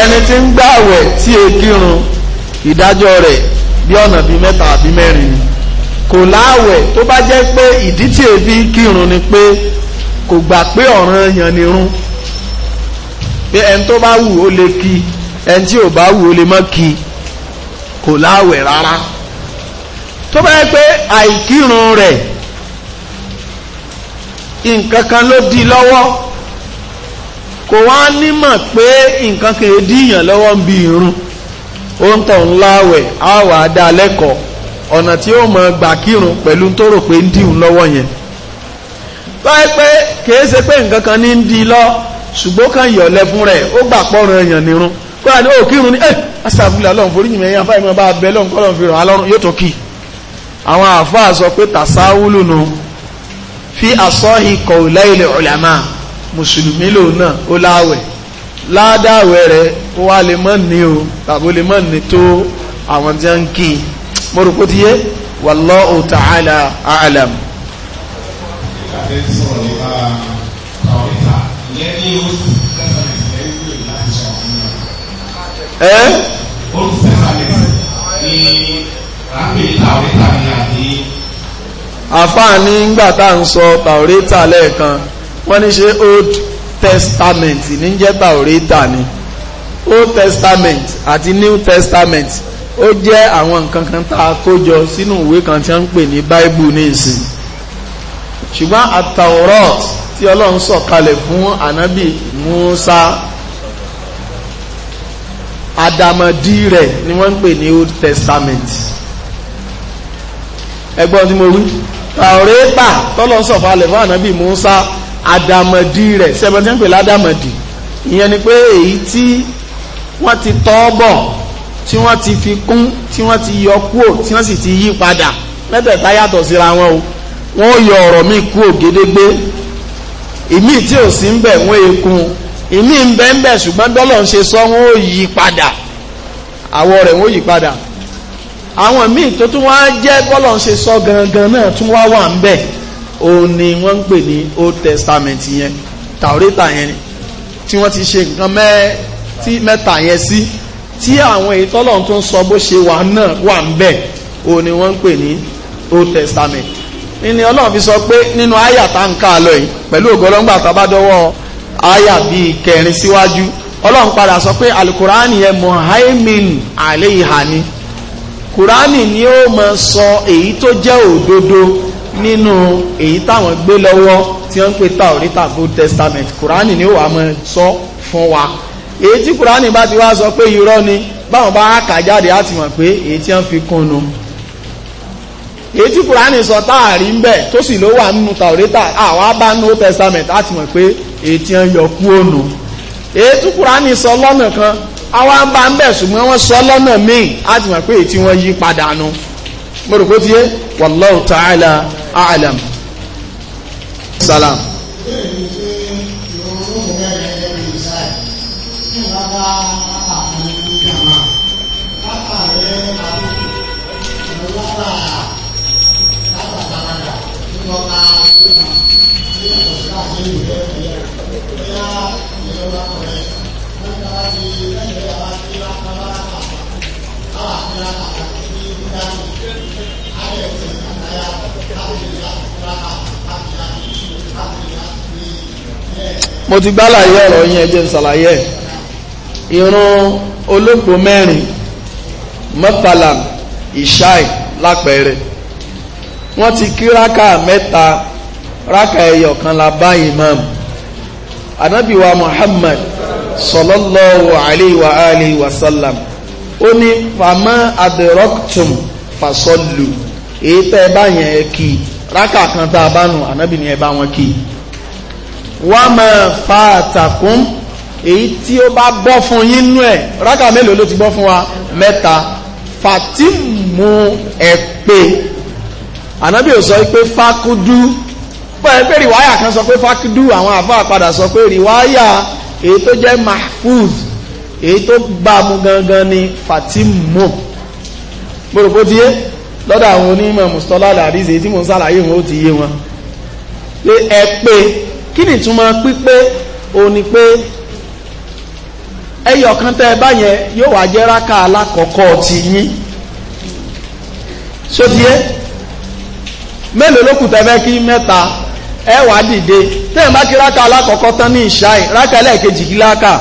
ẹni tí ń gbààwẹ̀ tí èkìrun e ìdájọ́ rẹ̀ bí ọ̀nà bíi mẹ́ta àbí mẹ́rin ni kò láàwẹ̀ tó bá jẹ́ pé ìdí tí èéfi kírun ni pé kò gbà pé ọ̀ranyàn ni run pé ẹni tó bá wù ó lè kí ẹni tí ò bá wù ó lè má kí kò láàwẹ̀ rárá tó bá jẹ́ pé àìkírun rẹ̀ nǹkan kan ló di lọ́wọ́ kò wá nímọ̀ pé nǹkan kan èdè ìyàn lọ́wọ́ ń bi irun ó ń tàn láwẹ̀ á wà dá lẹ́kọ̀ọ́ ọ̀nà tí ó gbà kírun pẹ̀lú tó rò pé ń dìhun lọ́wọ́ yẹn báyìí pé kìí ṣe pé nǹkan kan ní ń di lọ ṣùgbọ́n kan yọ̀lẹ̀ fún rẹ̀ ó gbà pọ́nrán èèyàn nírun kódà ní òkírun ní ẹ́ asàfihàn lọ́n forí yìí bá kọ́ fi ràn án yóò tó kì í àwọn àfáà sọ ládàwẹ̀ rẹ̀ ó wá lè mọ́ ní o tàbí lè mọ́ ní tó àwọn tí a ń kí mọ́rùkú ti yé wallahu ta'ala a'lam ẹ́ àfáà ní ń gbà tá à ń sọ tàórítà lẹ́ẹ̀kan wọ́n ní ṣe old testament ní jẹ́ taurita ni old testament àti new testament ó jẹ́ àwọn nǹkan kan tá a kó jọ sínú ìwé kan tí wọ́n ń pè ní bible ní ìsìn ṣùgbọ́n àtàwọ̀rọ̀t tí ọlọ́run sọ̀ kalẹ̀ fún ànábì musa àdàmọ̀dì rẹ̀ ni wọ́n ń pè ní old testament ẹgbọ́n tí mo wí tàwọ̀rẹ́tà tọ́lọ́run sọ̀ fún ànábì musa àdàmọ̀dì rẹ̀ sẹ́bẹ̀tì ń pè ládàmọ̀dì ìyẹn ni pé èyí tí wọ́n ti tọ́ bọ̀ tí wọ́n ti fi kún tí wọ́n ti yọ kúò tí wọ́n sì ti yí padà mẹ́tẹ̀ẹ̀ta yàtọ̀ síra wọn o wọ́n yọ ọ̀rọ̀ míì kú ògédégbé ìmí tí ò sí ń bẹ̀ wọ́n ekun ìmí ń bẹ́ ń bẹ̀ ṣùgbọ́n dọ́lọ̀ ń ṣe sọ wọ́n ó yí padà àwọ̀ rẹ̀ wọ́n ó yí padà àwọn míì tó tún wá jẹ́ bọ́lọ̀ ń ṣe sọ gangan náà tún wá wà ń bẹ̀ òun ni wọ́n ń pè ní old testament yẹn tàwórítà yẹn ni tí wọ́n ti ṣe nǹkan mẹ́ta yẹn sí tí àwọn ìtọ́lọ̀ tó ń sọ bó ṣe wà náà wà ń bẹ̀ òun ni wọ́n ń pè ní old testament ni ọlọ́run fi sọ pé nínú àyà tá ń ká lọ yìí pẹ̀lú ògbọ́lọ́gbà tàbádọ́wọ́ àyà bíi kẹrin síwájú ọlọ́run padà sọ pé alukurani yẹn mohaimin aleiha ni kurani ni ó máa sọ èyí tó jẹ́ òdodo nínú èyí táwọn gbé lọ́wọ́ tí wọ́n ń pè Taurita Old Testament kùránì ni wà mọ́ sọ fún wa èyí tí kùránì bá ti wá sọ pé irọ́ ni báwọn bá kà jáde á mọ̀ pé èyí tí wọ́n fi kún èyí tí kùránì sọ táàrí ń bẹ tó sì ló wà nínú Taurita àwa bá ní Testament á mọ̀ pé èyí tí wọ́n yọ kú ònu èyí tí kùránì sọ lọ́nà kan àwa bá ń bẹ ṣùgbọ́n wọ́n sọ lọ́nà míì á mọ̀ pé èyí tí wọ́n yí padà nu mo rò pé tiye wallahu ta'ala a'lam salam. Thank mo ti gbálàyé ọ̀rọ̀ yẹn ẹ jẹ́ n ṣàlàyé irun olóògbò mẹ́rin mọ́tàlá ìṣáì lápẹẹrẹ wọ́n ti kí rákà mẹ́ta rákà ẹyọ kan la bá imam anabi wa muhammad sallallahu alayhi wa alihi wa sallam ó ní fama adiroktum fasọlù èyí tẹ́ ẹ bá yẹn kí rákà kan tá a bá nù anabi ni ẹ bá wọn kí i wá máa fa àtàkùn èyí tí ó bá bọ́ fún yín nú ẹ̀ rákà mélòó ló ti bọ́ fún wa mẹ́ta fatimu ẹ̀pẹ́ ànábì ò sọ pé fakudu pẹ̀lú pé rìwáyà kan sọ pé fakudu àwọn àfáà padà sọ pé rìwáyà èyí tó jẹ́ mahfuz èyí tó bá mu gangan ni fatimu gbọ́dọ̀gbọ́ ti yé lọ́dọ̀ àwọn onímọ̀ mùsùlùmí àdìsí tí mo ń sàlàyé wọn ó ti yé wọn ẹ kí ni ìtumọ̀ pípé òun ni pé ẹyọ kan tẹ́ ẹ bá yẹn yóò wá jẹ́ rákà alákọ̀ọ́kọ́ ti yín sódìé mélòó ló kù tẹ́fẹ́ kí mẹ́ta ẹ wá dìde tẹ́yìn bá kí rákà alákọ̀ọ́kọ́ tán ní ìṣáì rákà ẹlẹ́ẹ̀kejì kí lákà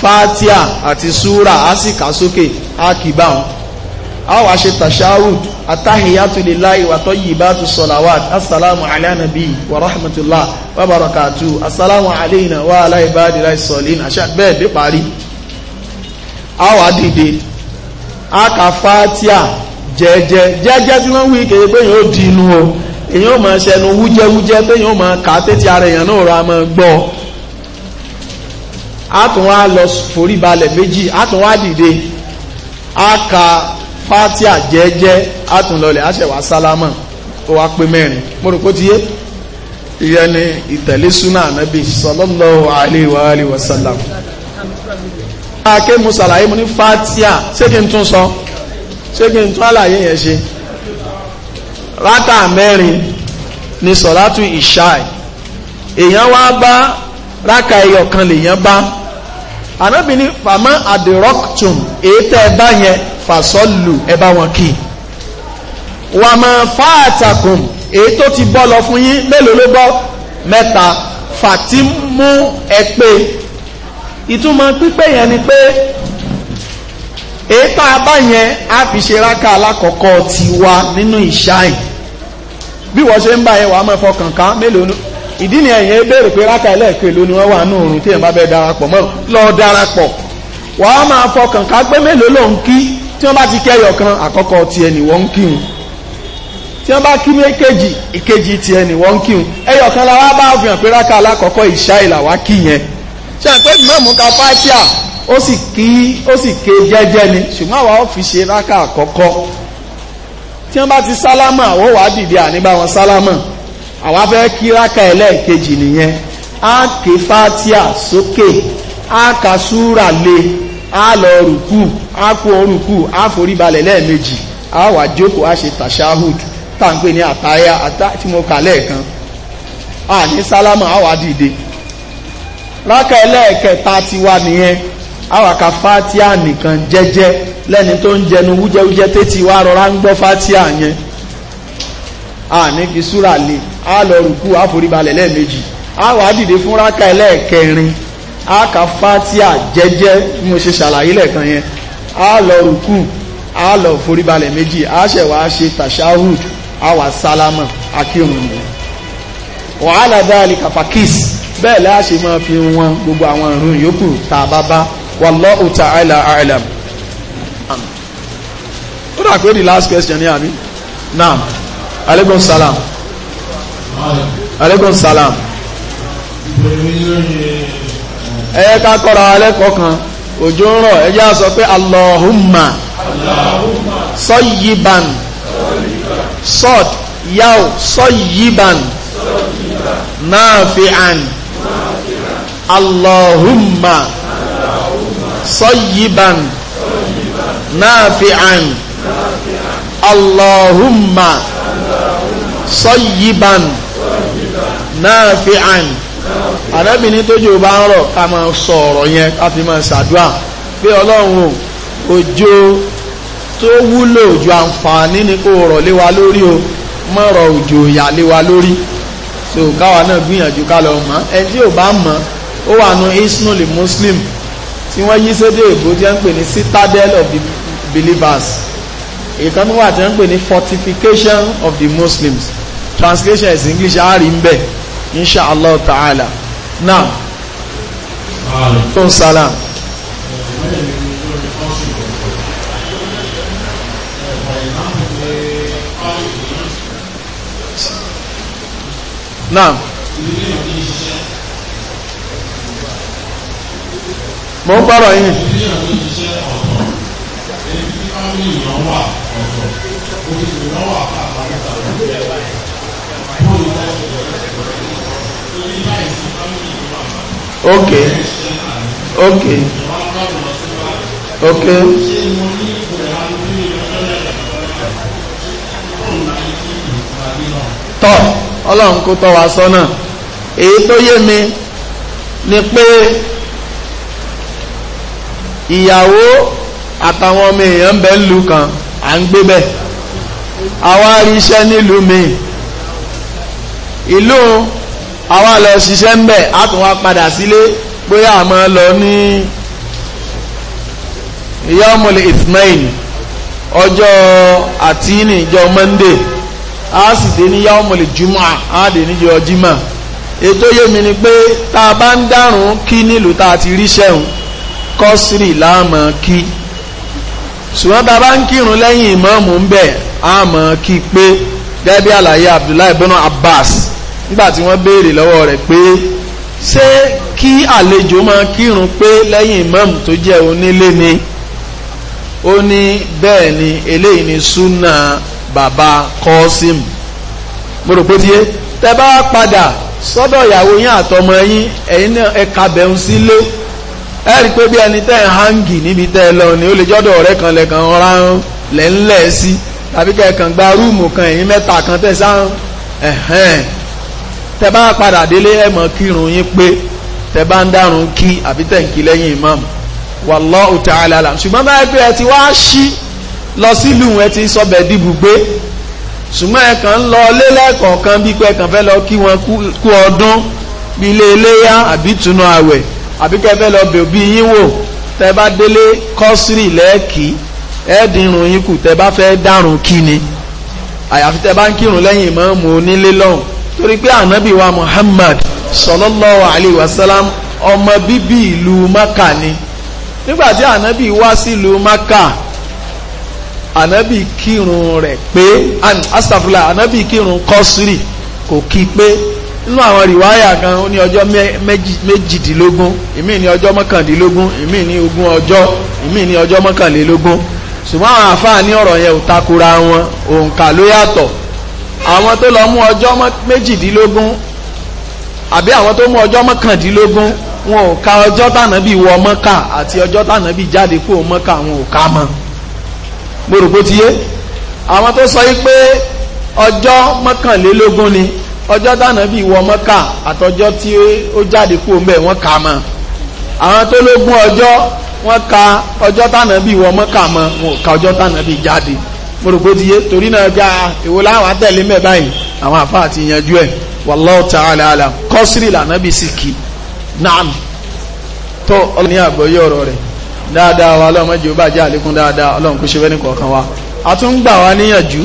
fatia àti sura á sì kà sókè á kì bá á wàá ṣe tàṣáhùd atahiyatu lillahi wa tayyibatu salawat assalamu ala nabi wa rahmatullah wa barakatuh assalamu alayna wa ala ibadillahi salihin àṣà bẹ́ẹ̀ dé parí a wà dìde a kà fatia jẹ́jẹ́ jẹ́jẹ́ tí wọ́n wí kéré pé yóò di inú o èyàn ò máa ṣẹnu wújẹ́wújẹ́ pé yóò máa kà á tètè ara èèyàn náà ra máa gbọ́ a tún wá lọ forí balẹ̀ méjì a tún wá dìde a kà fatia jẹ́ẹ́jẹ́ àtúnlọlẹ̀ àṣẹwà sálámà ó wá pé mẹ́rin mo rò pé ti yé ìyẹn ìtẹ̀lé súnà ànábì sallallahu alaihi wa alihi wa ake mu ṣàlàyé mu ní fatia ṣé kí n tún sọ ṣé kí tún àlàyé yẹn ṣe rákà mẹ́rin ni sọ̀ràtù ìṣáì èèyàn wá bá rákà ẹyọ kan lèèyàn bá ànábì ní fàmọ́ àdìrọ́kùtùm èétẹ́ ẹbá yẹn fàṣọ́lù ẹbá wọn kì wà mọ́ fàátàkùn èyí tó ti bọ́ lọ fún yín mélòó ló bọ́ mẹ́ta fàtí mú ẹ̀pẹ́ ìtumọ̀ pípẹ́ yẹn ni pé èyí tá bá yẹn á fi ṣe rákà alákọ̀ọ́kọ́ tiwa nínú ìṣáì bí wọ́n ṣe ń bá yẹn wàá mọ́ fọkàn ká mélòó ìdí ni ẹ̀yìn ẹgbẹ̀rẹ̀ pé rákà ẹlẹ́ẹ̀kẹ́ ló ní wọ́n wà ní oòrùn tí ẹ̀ bá bẹ́ darapọ̀ mọ́ lọ darapọ̀ wà á máa fọkàn ká pé mélòó ló ń kí tí wọ́n bá ti kí ẹyọ kan àkọ́kọ́ ti ẹni wọ́n ń kírun tí wọ́n bá kí méjèèjì ìkejì ti ẹni wọ́n ń kírun ẹyọ kan lára bá fi hàn pé rákà alákọ̀ọ́kọ́ ìṣá ìlà wá kí yẹn ṣe àpé mọ́mú ka fátíà ó ni ṣùgbọ́n àwa ó fi ṣe rákà àkọ́kọ́ tí wọ́n bá ti àwa fẹ́ kí rákà ẹlẹ́ẹ̀kejì nìyẹn a ké fatia sókè a kà súra lé a lọ rùkù a kó orùkù a foríbalẹ̀ lẹ́ẹ̀mejì a wà jókòó a ṣe tàṣáhùd tá n pè ní àtàyà tí mo kà lẹ́ẹ̀kan a ní sálámà a wà dìde rákà ẹlẹ́ẹ̀kẹta ti wà nìyẹn a wà kà fatia nìkan jẹ́jẹ́ lẹ́ni tó ń jẹnu wújẹ́wújẹ́ tètè wá rọra ń gbọ́ fatia yẹn a ní fi súra lé a lọ rùkú àforíbalẹ̀ lẹ́ẹ̀mejì a wà dìde fún rákà ẹlẹ́ẹ̀kẹrin a kà fátíà jẹ́jẹ́ bí mo ṣe ṣàlàyé lẹ́ẹ̀kan yẹn a lọ rùkú a lọ foríbalẹ̀ méjì a ṣẹ̀ wá ṣe tashahud a wà sálámà akírun ni wàhálà dáàlì kàfàkìs bẹ́ẹ̀ la ṣe máa fi wọn gbogbo àwọn ìrun yòókù tá a bá bá wallahu ta'ala a'lam ó dà pé the last question ni àbí naam aleykum salaam aleykum salam ẹ̀yẹ́ ká kọ́ra alẹ́kọ̀ọ́ kan òjò ń rọ̀ ẹjẹ́ a sọ pé allahumma sọ́yíban sọ́d yáò sọ́yíban náàfíàn allahumma sọ́yíban náàfíàn allahumma sọ́yíban náàfíàn nafi'an àrẹ́bìnrin tójò bá ń rọ̀ ká máa sọ ọ̀rọ̀ yẹn ká fi máa ṣàdúrà pé ọlọ́run òjò tó wúlò ju àǹfààní ni kó rọ̀ lé wa lórí o mọ̀rọ̀ òjò ìyà lé wa lórí so káwa náà gbìyànjú ká lọ mọ̀ ẹni tí ò bá mọ̀ ó wà nù isnul muslim tí wọ́n yí sédé èbó tí wọ́n pè ní citadel of the believers ìkànnì wà tí wọ́n pè ní fortification of the muslims translation is english á rí ń bẹ́ẹ̀ insha allah ta'ala naam alaikum salam. naam mo ń gbọ́rọ̀ yìí ọ̀tọ̀ ẹni tí fámìlì yàn wà ọ̀tọ̀ òkè ìrànwọ́ àpá ok ok ok tọ́ ọlọ́run kó tọ́ wa sọ́nà èyí tó yé mi ni pé ìyàwó àtàwọn ọmọ èèyàn ń bẹ nílùú kan à ń gbé bẹ́ẹ̀ àwa rí iṣẹ́ nílùú mi ìlú àwa lọ ṣiṣẹ́ ń bẹ̀ á tún wá padà sílé bóyá a máa lọ ní yọmùlẹ̀ ithnain ọjọ́ àtìní ìjọ monday á sì dé ní yọmùlẹ̀ jùmọ̀ á dé níjọ jimá ètò yémi ni pé tá a bá ń dárùn kí nílùú tá a ti rí sẹ́hùn kọ́sìrì láàmọ́ kí ṣùgbọ́n tá a bá ń kírun lẹ́yìn ìmáàmù ń bẹ̀ á kí pé gẹ́gẹ́ bí àlàyé Abdullahi ibn Abbas nígbà tí wọ́n béèrè lọ́wọ́ rẹ̀ pé ṣé kí àlejò máa kírun pé lẹ́yìn imam tó jẹ́ onílé ni ó ní bẹ́ẹ̀ ni eléyìí ni súnà bàbá kọ́sìm mo rò pé tiye tẹ bá padà sọ́dọ̀ ìyàwó yín àtọmọ yín ẹ̀yin náà ẹ kàbẹ̀hún sílé ẹ rí i pé bí ẹni tẹ́ ń hangi níbi tẹ́ ẹ lọ ni ó lè jọ́dọ̀ ọ̀rẹ́ kan lẹ́kan ọ̀rá lẹ́ńlẹ̀ sí tàbí kẹ́ẹ̀kan gba rúùmù kan ẹ̀yin mẹ́ta kan tẹ̀ sáà ẹ̀hẹ́n tẹ bá padà délé ẹ mọ̀ kírun yín pé tẹ bá ń dárun kí àbí tẹ̀ ń kí lẹ́yìn imam wallahu ta'ala alam ṣùgbọ́n bá yẹ pé ẹ ti wá ṣí lọ sílùú ẹ ti sọbẹ̀ dìbò gbé ṣùgbọ́n ẹ kàn ń lọ lélẹ́kọ̀ọ̀kan bí pé ẹ kàn fẹ́ lọ kí wọn kú ọdún bí ilé iléyá àbí túnú àwẹ̀ àbí pé fẹ́ lọ bẹ̀ bí yín wò tẹ délé kọ́sírì lẹ́ẹ̀kì ẹ̀ẹ́dínrún yín kù tẹ fẹ́ dárun kí ni àyàfi tẹ ń kírun lẹ́yìn ìmáàmù onílé lọ́hùn torí pé ànábì wa Muhammad sallallahu alayhi wa ọmọ bíbí ìlú Maka ni nígbàtí ànábì wá sílùú Maka ànábì kírun rẹ̀ pé asàfúlà ànábì kírun kọ́sírì kò kí pé nínú àwọn rìwáyà kan ó ní ọjọ́ méjìdínlógún ìmí ní ọjọ́ mọ́kàndínlógún ìmí ní ogún ọjọ́ ìmí ní ọjọ́ mọ́kànlélógún ṣùgbọ́n àwọn àfáà ní ọ̀rọ̀ yẹn ò takora wọn òǹkà ló yàtọ̀ àwọn tó lọ mú ọjọ́ méjìdínlógún àbí àwọn tó mú ọjọ́ mọ́kàndínlógún wọn ò ka ọjọ́ tànàbí wọ mọ́kà àti ọjọ́ tànàbí jáde kúrò mọ́kà wọn ò ka mọ́ mo rò pé ti yé àwọn tó sọ yìí pé ọjọ́ mọ́kànlélógún ni ọjọ́ tànàbí wọ mọ́kà àtọjọ́ tí ó jáde kúrò mbẹ̀ wọ́n ka mọ́ àwọn tó lógún ọjọ́ wọ́n ka ọjọ́ tànàbí wọ mọ́kà mọ́ wọn ò ka ọjọ́ tànàbí jáde mọ̀rọ̀gbódiyé torí náà gbá èwo láwọn àtẹ̀lé mẹ́ báyìí àwọn àfa àti ìyanjú ẹ̀ wallahu ta'ala alam kọ́sírì lànàbí sì kì náàm tó ọlọ́run ní àgbọ̀yé ọ̀rọ̀ rẹ̀ dáadáa wa ọlọ́run mẹ́jọ bá jẹ́ àlékún dáadáa ọlọ́run kó ṣe fẹ́ ní kọ̀ọ̀kan wa a tún gbà wá níyànjú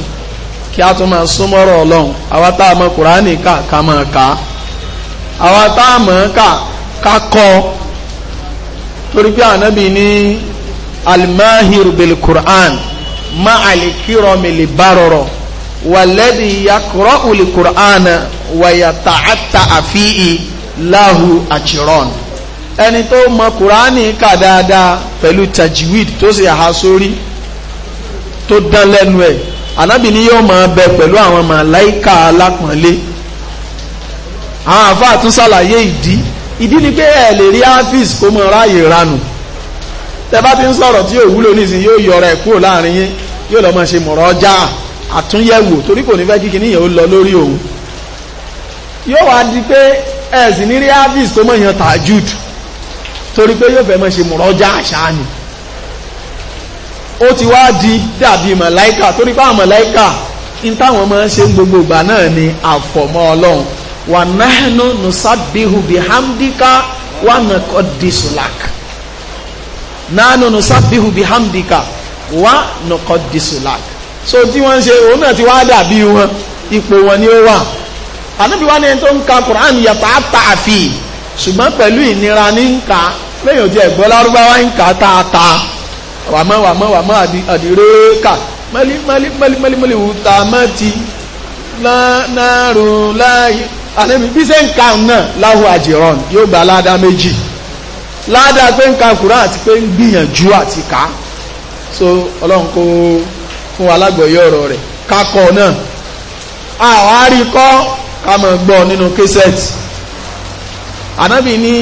kí a tún máa súnmọ́rọ̀ ọlọ́run àwa tá a mọ̀ kùránì kà ká máa kà àwa tá a mọ̀ kà ká kọ́ torí pé ànábì ní almahir bil Qur'an مع الكرم البرر والذي يقرأ القرآن ويتعتع فيه له أجران ẹni tó mọ kùránì kà dáadáa pẹ̀lú tajwid tó sì ha sórí tó dán lẹ́nu ẹ̀ anábì ni yóò máa bẹ pẹ̀lú àwọn màláìka alápọ̀nlé àwọn àfáà tún ṣàlàyé ìdí ìdí ni pé ẹ lè rí áfíìsì kó mọ ráàyè ranù tẹ bá ti ń sọ̀rọ̀ tí yóò wúlò nísìnyí yóò yọra ẹ̀ kúrò láàrin yín yóò lọ máa ṣe mọ̀rọ̀ ọjà àtúnyẹ̀wò torí kò ní fẹ́ kíkí níyàn ó lọ lórí òun yóò wá di pé ẹ̀sìn ní rí tó mọ̀ tajud torí pé yóò fẹ́ máa ṣe mọ̀rọ̀ ọjà àṣà ni ó ti wá di dàbí màláíkà torí pé àwọn màláíkà ní táwọn máa ń ṣe gbogbo ìgbà náà ni àfọ̀mọ́ ọlọ́run wà náhánú nùsàbíhù bí hamdíkà wà nàkọ́ disulak náhánú nùsàbíhù bí hamdíkà wá nùkọ́ disulak so tí wọ́n ń ṣe òun náà ti wá dàbí wọn ipò wọn ni ó wà ànábì wá ní ẹni tó ń ka Quran yàtọ̀ àtà àfi ṣùgbọ́n pẹ̀lú ìnira ní ń ka lẹ́yìn òjò ẹ̀gbọ́n lárúbáwá ń ka tá a wàmọ́ wàmọ́ wàmọ́ àdìrẹ́kà mẹ́lí wùtà mẹ́tì lánàrùn láàyè ànábì bí sẹ́ ń ka náà láhùn àjẹrán yóò gba ládàá méjì ládàá pé ń ka Quran àti pé ń gbìyànjú àti kàá so ọlọ́run kó fún wa lágbọ̀ọ́yé ọ̀rọ̀ rẹ̀ kakọ̀ náà àwọn àríkọ́ ká máa gbọ́ nínú késẹ́ẹ̀tì ànábì ní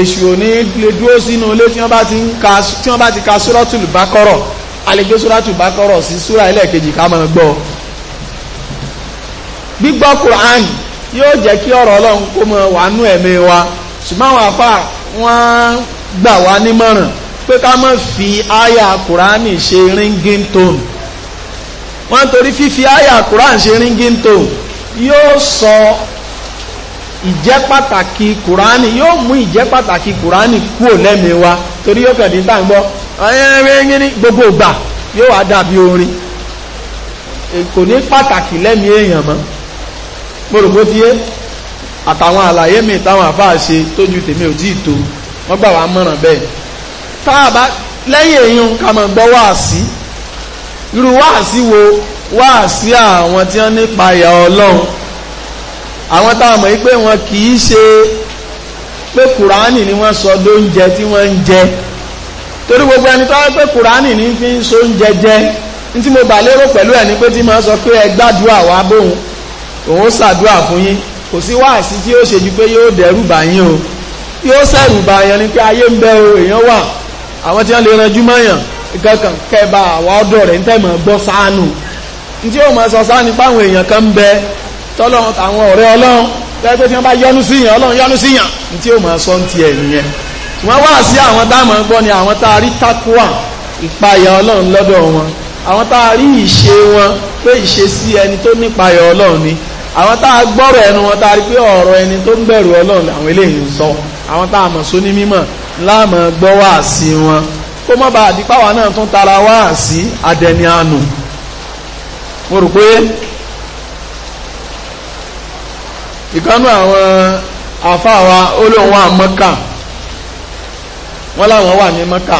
èṣù òní lè dúró sínú ilé tí wọ́n bá ti ka tí wọ́n bá ti ka sóràtù bákọ́rọ̀ àlejò sóràtù bákọ́rọ̀ sí sóra ẹlẹ́ẹ̀kejì ká máa gbọ́ gbígbọ́ Qur'an yóò jẹ́ kí ọ̀rọ̀ ọlọ́run kó máa wà nú ẹ̀mí wa ṣùgbọ́n àwọn àfà wọ́n gbà wá nímọ̀ràn pé ká má fi àyà kùránì ṣe ringington wọ́n torí fífi àyà kùránì ṣe ringington yóò sọ ìjẹ́ pàtàkì kùránì yóò mú ìjẹ́ pàtàkì kùránì kúò lẹ́mìí wa torí yóò kẹ̀dí tá à ń gbọ́ ẹ̀ẹ́rẹ́rẹ́rẹ́ gbogbo ìgbà yóò wá dàbí orin e kò ní pàtàkì lẹ́mìí èèyàn mọ́ mo rò bó ti yé àtàwọn àlàyé mi táwọn àfáà ṣe tójú tèmi ò tí ì tó wọ́n gbà wá mọ̀ràn bẹ́ẹ̀ táàbá lẹ́yìn èyàn ká máa gbọ́ wáàsí irú wáàsí wo wáàsí àwọn tí wọ́n nípa ìyà ọlọ́run àwọn táwọn mọ̀ pé wọn kì í ṣe pé kùránì ni wọ́n sọ dóúnjẹ tí wọ́n ń jẹ torí gbogbo ẹni tó wá pé kùránì ní fi ń so oúnjẹ jẹ ní tí mo gbà lérò pẹ̀lú ẹ̀ ní pé tí máa sọ pé ẹ gbàdúrà wá bóun òun ṣàdúrà fún yín kò sí wáàsí tí ó ṣe ju pé yóò dẹ́rù bá yín o yóò ṣẹ̀rù bá yẹn ni pé ayé ń bẹ o èèyàn wà àwọn tí wọ́n lè ranjú mọ́yàn kankan kẹba àwọn ọ̀dọ́ rẹ̀ ń tẹ̀mọ̀ gbọ́ sáánù tí ó mọ̀ sọ sáánù páwọn èèyàn kan ń bẹ tọ́lọ́ àwọn ọ̀rẹ́ ọlọ́run lẹ́yìn tó ti wọ́n bá yọ́nú síyàn ọlọ́run yọ́nú síyàn tí ó mọ̀ sọ ń tiẹ̀ nìyẹn wọ́n wá sí àwọn dámọ̀ gbọ́ ni àwọn tá a rí takuwa ìpayà ọlọ́run lọ́dọ̀ wọn àwọn tá a rí ìṣe wọn pé ìṣe sí ẹni tó nípayà ọlọ́run ni àwọn tá a gbọ́rọ̀ ẹnu wọn tá a rí pé ọ̀rọ̀ ẹni tó ń bẹ̀rù ọlọ́run àwọn eléyìí ń sọ àwọn tá a mọ̀ sóní mímọ̀ láàmà gbọ́ wáàsí wọn kó má bàa di páwa náà tún tara wáàsí adẹni àánú mo rò pé ìkánú àwọn àfáàwa olóhùn àmọ́kà wọ́n láwọn wà ní mọ́kà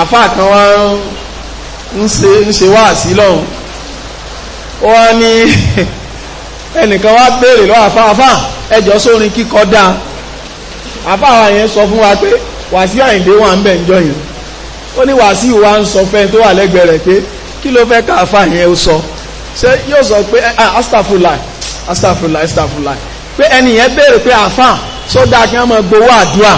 àfáà kan wá ń ṣe ń ṣe lọ́hùn wọ́n ní ẹnìkan wá béèrè lọ́wọ́ àfáàfáà ẹjọ́ sórin kíkọ dáa àfáà yẹn sọ fún wa pé wàsíù àyìndé wà ń bẹ̀ ń jọ yẹn ó ní wàsíù wa ń sọ fẹ́ tó wà lẹ́gbẹ̀ẹ́ rẹ̀ pé kí ló fẹ́ ká àfáà yẹn ó sọ ṣé yóò sọ pé astafula astafula astafula pé ẹni yẹn béèrè pé àfáà sódà kí wọ́n máa gbowó àdúrà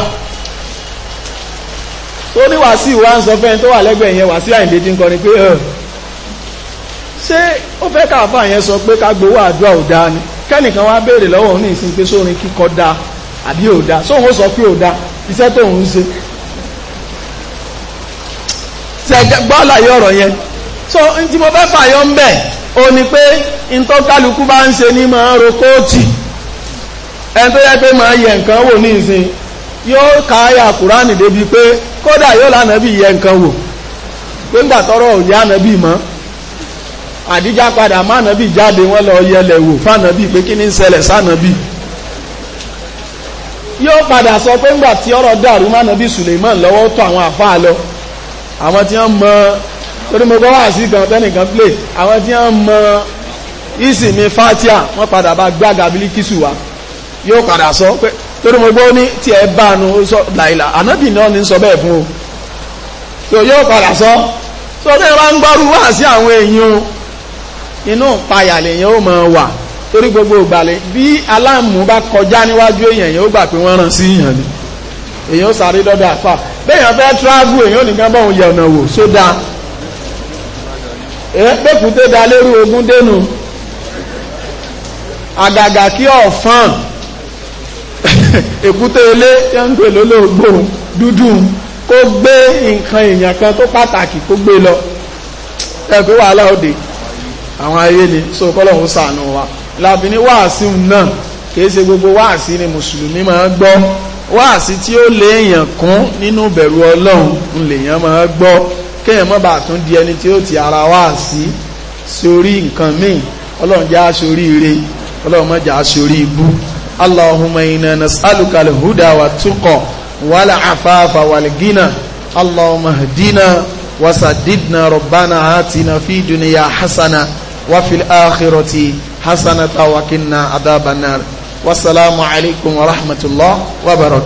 tó ní wàsíù wa ń sọ fẹ́ tó wà lẹ́gbẹ̀ẹ́ yẹn wàsíù àyìndé ti ń kọrin pé ṣé ó fẹ́ ká àfáà yẹn sọ pé ká gbowó àdúrà ò dáa ni kẹ́nìkan wá béèrè lọ́wọ́ òun àbí ò da sóhun ó sọ pé ò da iṣẹ́ tóun ń ṣe gbọ́ láyé ọ̀rọ̀ yẹn so n tí mo fẹ́ fàyọ ń bẹ̀ o ni pé n tó kálukú bá ń ṣe ní máa ń ro kóòtì ẹni tó yẹ pé máa yẹ nǹkan wò ní ìsìn yóò ka àyà kùránì débi pé kódà yóò lànàbí yẹ nǹkan wò pé ńgbà tọrọ ò yá nàbí mọ́ àdíjá padà má nàbí jáde wọ́n lọ yẹlẹ̀ wò fánàbí pé kí ni ń ṣẹlẹ̀ sánàbí yóò padà sọ pé ńgbà tí ọ̀rọ̀ dàrú má nàbí Suleiman lọ́wọ́ tó àwọn àfáà lọ àwọn tí wọ́n mọ torí mo gbọ́ wá sí kan tẹ́nìkan play àwọn tí wọ́n mọ ìsinmi fatia wọ́n padà bá gbága bílíkìsù wa yóò padà sọ pé torí mo gbọ́ ní tí ẹ bá nu sọ làìlà ànábì náà ní sọ bẹ́ẹ̀ fún o tó yóò padà sọ tó tẹ́ ẹ bá ń gbọ́rú wá sí àwọn èèyàn inú ìpayà lèèyàn ó mọ wà torí gbogbo ìgbàlẹ̀ bí aláàmù bá kọjá níwájú èèyàn yẹn ó gbà pé wọ́n rán sí èèyàn ni èèyàn sáré dọ́dọ̀ àfà bẹ́ẹ̀yàn fẹ́ travel èèyàn nìkan bọ́ òun yẹ ọ̀nà wò sódà pẹ́kùté da lérú ogún dénú àgàgà kí ọ̀fán èkúté ilé yẹn ń pè lólógbò dúdú kó gbé nǹkan èèyàn kan tó pàtàkì kó gbé lọ ẹ̀kú wàhálà òde àwọn ayé ni so kọ́lọ́hún ṣàánú wa làbí ní wáàsí náà kìí ṣe gbogbo wáàsí ni mùsùlùmí máa gbọ́ wáàsí tí ó léèyàn kún nínú bẹ̀rù ọlọ́run ń lèèyàn máa gbọ́ kéèyàn má bàa tún di ẹni tí ó ti ara wáàsí sórí nǹkan míì ọlọ́run já sórí ire ọlọ́run má já sórí ibú allahumma inna nas'aluka al-huda wa tuqa wal afafa wal gina allahumma hdina wa saddidna rabbana atina fi dunya hasana wa fil akhirati hasanata wa qina adhaban nar wasalaamu alaykum wa